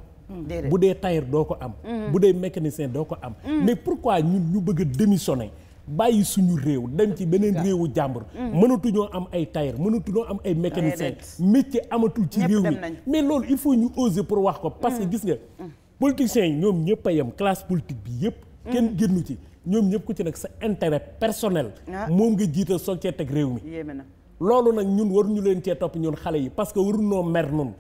bu dee tailleur doo ko am. Mm-hmm. bu dee mécanicien doo ko am. Mm-hmm. mais pourquoi ñun ñu bëgg a démissionner bàyyi suñu réew dem ci beneen réewu jàmbur. Mm-hmm. mënatuñoo am ay tailleur mënatuñoo am ay mécanicien métier amatul ci réew mi mais loolu il faut ñu ose pour wax ko parce que gis nga. politiciens yi ñoom ñëpp a yem classe politique bi yëpp. kenn génnu ci ñoom ñëpp ku ci nag sa intérêt personnel. Ah. moom nga jiital soog cee teg réew mi. loolu nag ñun waruñu leen cee topp ñun xale yi parce que waruñoo mer noonu.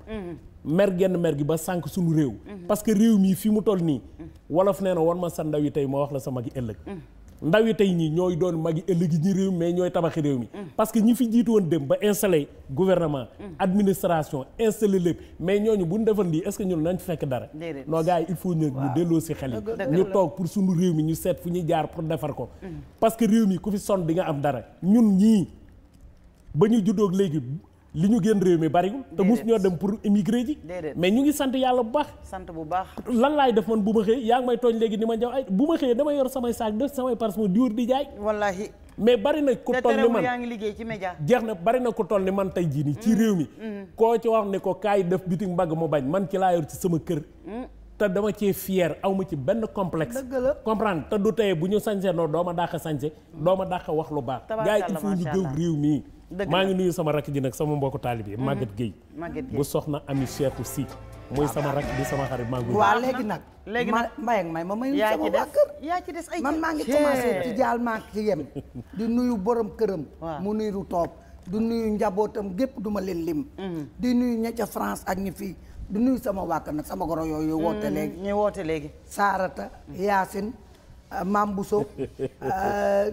mer genn mer gi ba sànq suñu réew. Mhm. parce que réew mii fi mu toll nii. Mhm. wolof nee na war ma sa ndaw yi tey ma wax la sa magi ëllëg. Mhm. ndaw yi tey ñii ñooy doon magi ëllëg yi ñi réew mais ñooy tabaxi réew mi. parce que ñi fi jiitu woon dem ba installé gouvernement. administration installé lépp mais ñoo ñu bu ñu defal lii est-ce que ñun nañ fekk dara. noo gars yi il faut ñu ñu delloo si xel yi. ñu toog pour suñu réew mi ñu seet fu ñuy jaar pour defar ko. parce que réew mi ku fi di nga am dara ñun ñii ba ñu juddoo léegi li ñu génn réew mi bariwul te mus ñoo dem pour émigré ji mais ñu ngi sant yàlla bu baax sant bu baax lan laay def man bu ma xëyee yaa ngi may tooñ léegi ni ma jaw ay bu ma xëyee damay yor samay saak def samay parasmo di wër di jaay mais bari na ku toll ni man yaa ngi liggéey ci média jeex na bari na ku toll ni man tey jii nii ci mm. réew mi mm. koo ci wax ne ko kaay def bitim mbagg mu bañ man ci laa yor ci sama kër mm. te dama cee fier aw ma ci benn complex la comprendre te du tey bu ñu sañse noonu doo ma dàq sañse doo ma dàq wax lu baax. gaa yi il faut ñu gëw réew mii. maa ngi nuyu sama rakk ji nag sama mbokku taalib yi mhm. Maguette Gueye. Maguette Gueye bu soxna Ami Cheikhou Sy. muy sama rakk bi sama xarit maa ngi koy. waaw léegi nag léegi nag Mbaye ak May ma mayul sama yaa ci des ay man maa ngi commencé ci jaal maa ci yem. di nuyu borom këram. mu nuyu toog di nuyu njabootam gépp duma leen lim. Mhm. di nuyu ña ca France ak ñi fii. di nuyu sama wàkk nag sama goro yooyu woote mm, léegi ñu woote léegi Saarata Yaasin euh, maam Bousso euh,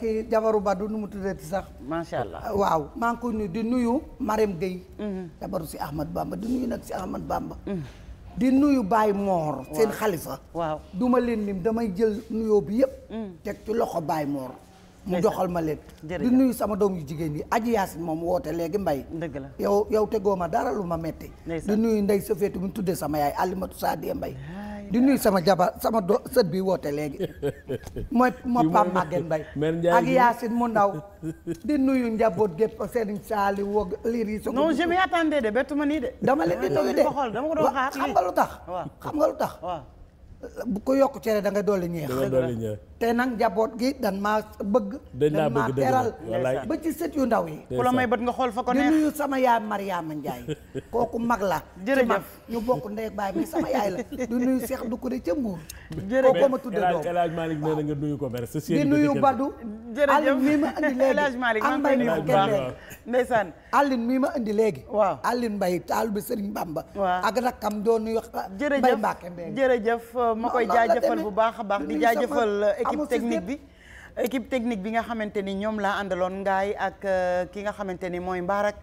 kii jabaru Badu nu mu tuddati sax macha allah euh, waaw maa ngi koy nuyu di nuyu Marème Gueye mm-hmm. jabaru si Ahmad Bamba di nuyu nag si Ahmad Bamba mm-hmm. di nuyu baay Moor seen xalifa waaw du leen lim damay jël nuyoo bi yëpp mm. teg ci loxo baay Moor mu joxal ma leen di nuyu sama doom yu jigéen yi aji yaasin moom woote léegi mbay dëgg la yow yow tegoo ma dara lu ma metti di nuyu ndey sofeetu mu tuddee sama yaay alimatu saadiya mbay di nuyu sama jabar sama do sët bi woote léegi mooy ma pam màggen mbay ak yaasin mu ndaw di nuyu njaboot gépp seen saali woog liir yi sa je m'attendais de bettu ma nii de dama leen di ah, nuyu de xam nga lu tax xam nga lu tax bu ko yokk cere da ngay dolli ñeex te nag njaboot gi dan maa bëgg. dañ laa bëgg teral ba ci sët yu ndaw yi. ku la may bët nga xool fa ko neex di nuyu sama yaay Mariama Ndiaye kooku mag la. jërëjëf ñu bokk ndey ak baay mais sama yaay la di nuyu Seex du ko de ca Mbuur. jërëjëf kooku ma tudde doom El Hadj Malick nee na nga nuyu ko vers. di nuyu Badou. jërëjëf Aline mii ma indi léegi El Hadj Malick maa ngi koy nuyu ndeysaan Aline mii ma indi léegi. waaw Aline Mbaye taal bi Serigne Bamba. waaw ak rakkam doon nuyu. Mbaye Mbacke Mbengue jërëjëf ma koy jaajëfal bu baax a baax di jaajëfal équipe technique bi équipe technique bi nga xamante ni ñoom laa àndaloon ngaay ak euh, ki nga xamante ni mooy mbaarak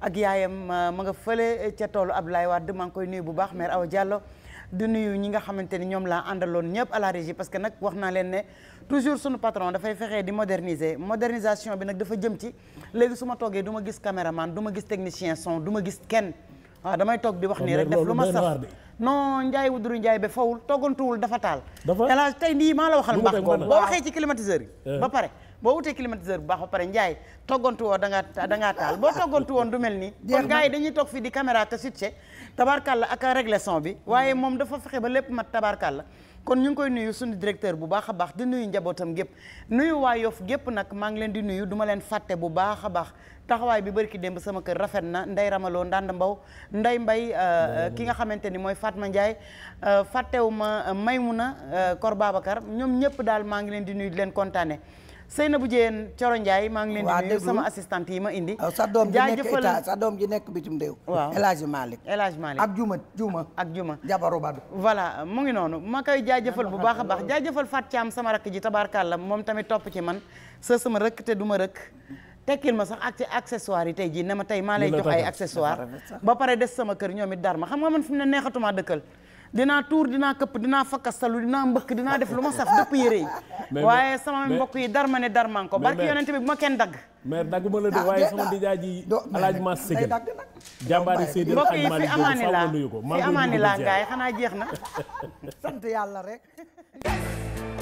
ak yaayam euh, ma nga fële ca toolu Abdoulaye Wade maa ngi koy nuyu bu baax mère aw Diallo di nuyu ñi nga xamante ni ñoom laa àndaloon ñëpp à la régie parce que nag wax naa leen ne toujours sunu patron dafay fexee di moderniser modernisation bi nag dafa jëm ci léegi su ma toogee duma ma gis caméraman du ma gis technicien son du gis kenn waaw ah, damay toog di wax nii rek def lu ma sax non Ndiaye Wuduru Ndiaye ba fawul toggantuwul dafa taal elage tey nii maa la waxal mbaax ko boo waxee ci climatiseur yi eh. ba pare boo wutee climatiseur bu baax ba pare Ndiaye toggantu woo da ngaa da ngaa taal boo toggantu woon du mel nii kon gars yi dañuy toog fii di caméra te sutse tabarkalla ak réglé son bi waaye moom dafa fexe ba lépp mat tabarkalla kon ñu ngi koy nuyu suñu directeur bu baax a baax di nuyu njabootam gépp nuyu waa Yoff gépp nag maa ngi leen di nuyu duma leen fàtte bu baax a baax taxawaay bi bari ki démb sama kër rafet na ndey ramaloo ndand mbaw nday mbay euh, ki nga xamante ni mooy Fatma Ndiaye may ma Maymuna Kor Babacar ñoom ñëpp daal maa ngi leen di nuyu di leen kontaane na bu Diène Coro Ndiaye maa ngi leen di nuyu sama assistante yi ma indi sa doom ji nekk état sa doom ji nekk bitim réew waaw El Hadj Malick El Hadj Malick ak Juma Juma ak Juma jabaru Badu voilà mu ngi noonu ma koy jaajëfal bu baax a baax jaajëfal Fat Thiam sama rakk ji tabaarkàlla moom tamit topp ci man sa sama rëkk te du ma rëkk tekkil ma sax ak ci accessoire yi tey jii ne ma tey maa lay jox ay accessoire ba pare des sama kër ñoom it dar ma xam nga man fi mu ne neexatuma dëkkal dinaa tuur dinaa këpp dina dinaa fakkastalu dinaa mbëkk dinaa def lu ma saf dëpp yére yi waaye sama mbokk yi darma ne darman ko barki yonent bi bu ma kenn dagg mère dagguma la de ah, waaye sama dijaa ji alaaj ma sëgal jàmbaari séedéer mbokk yi fi amaani laa fi amaani laa ngaay xanaa jeex na sant yàlla rek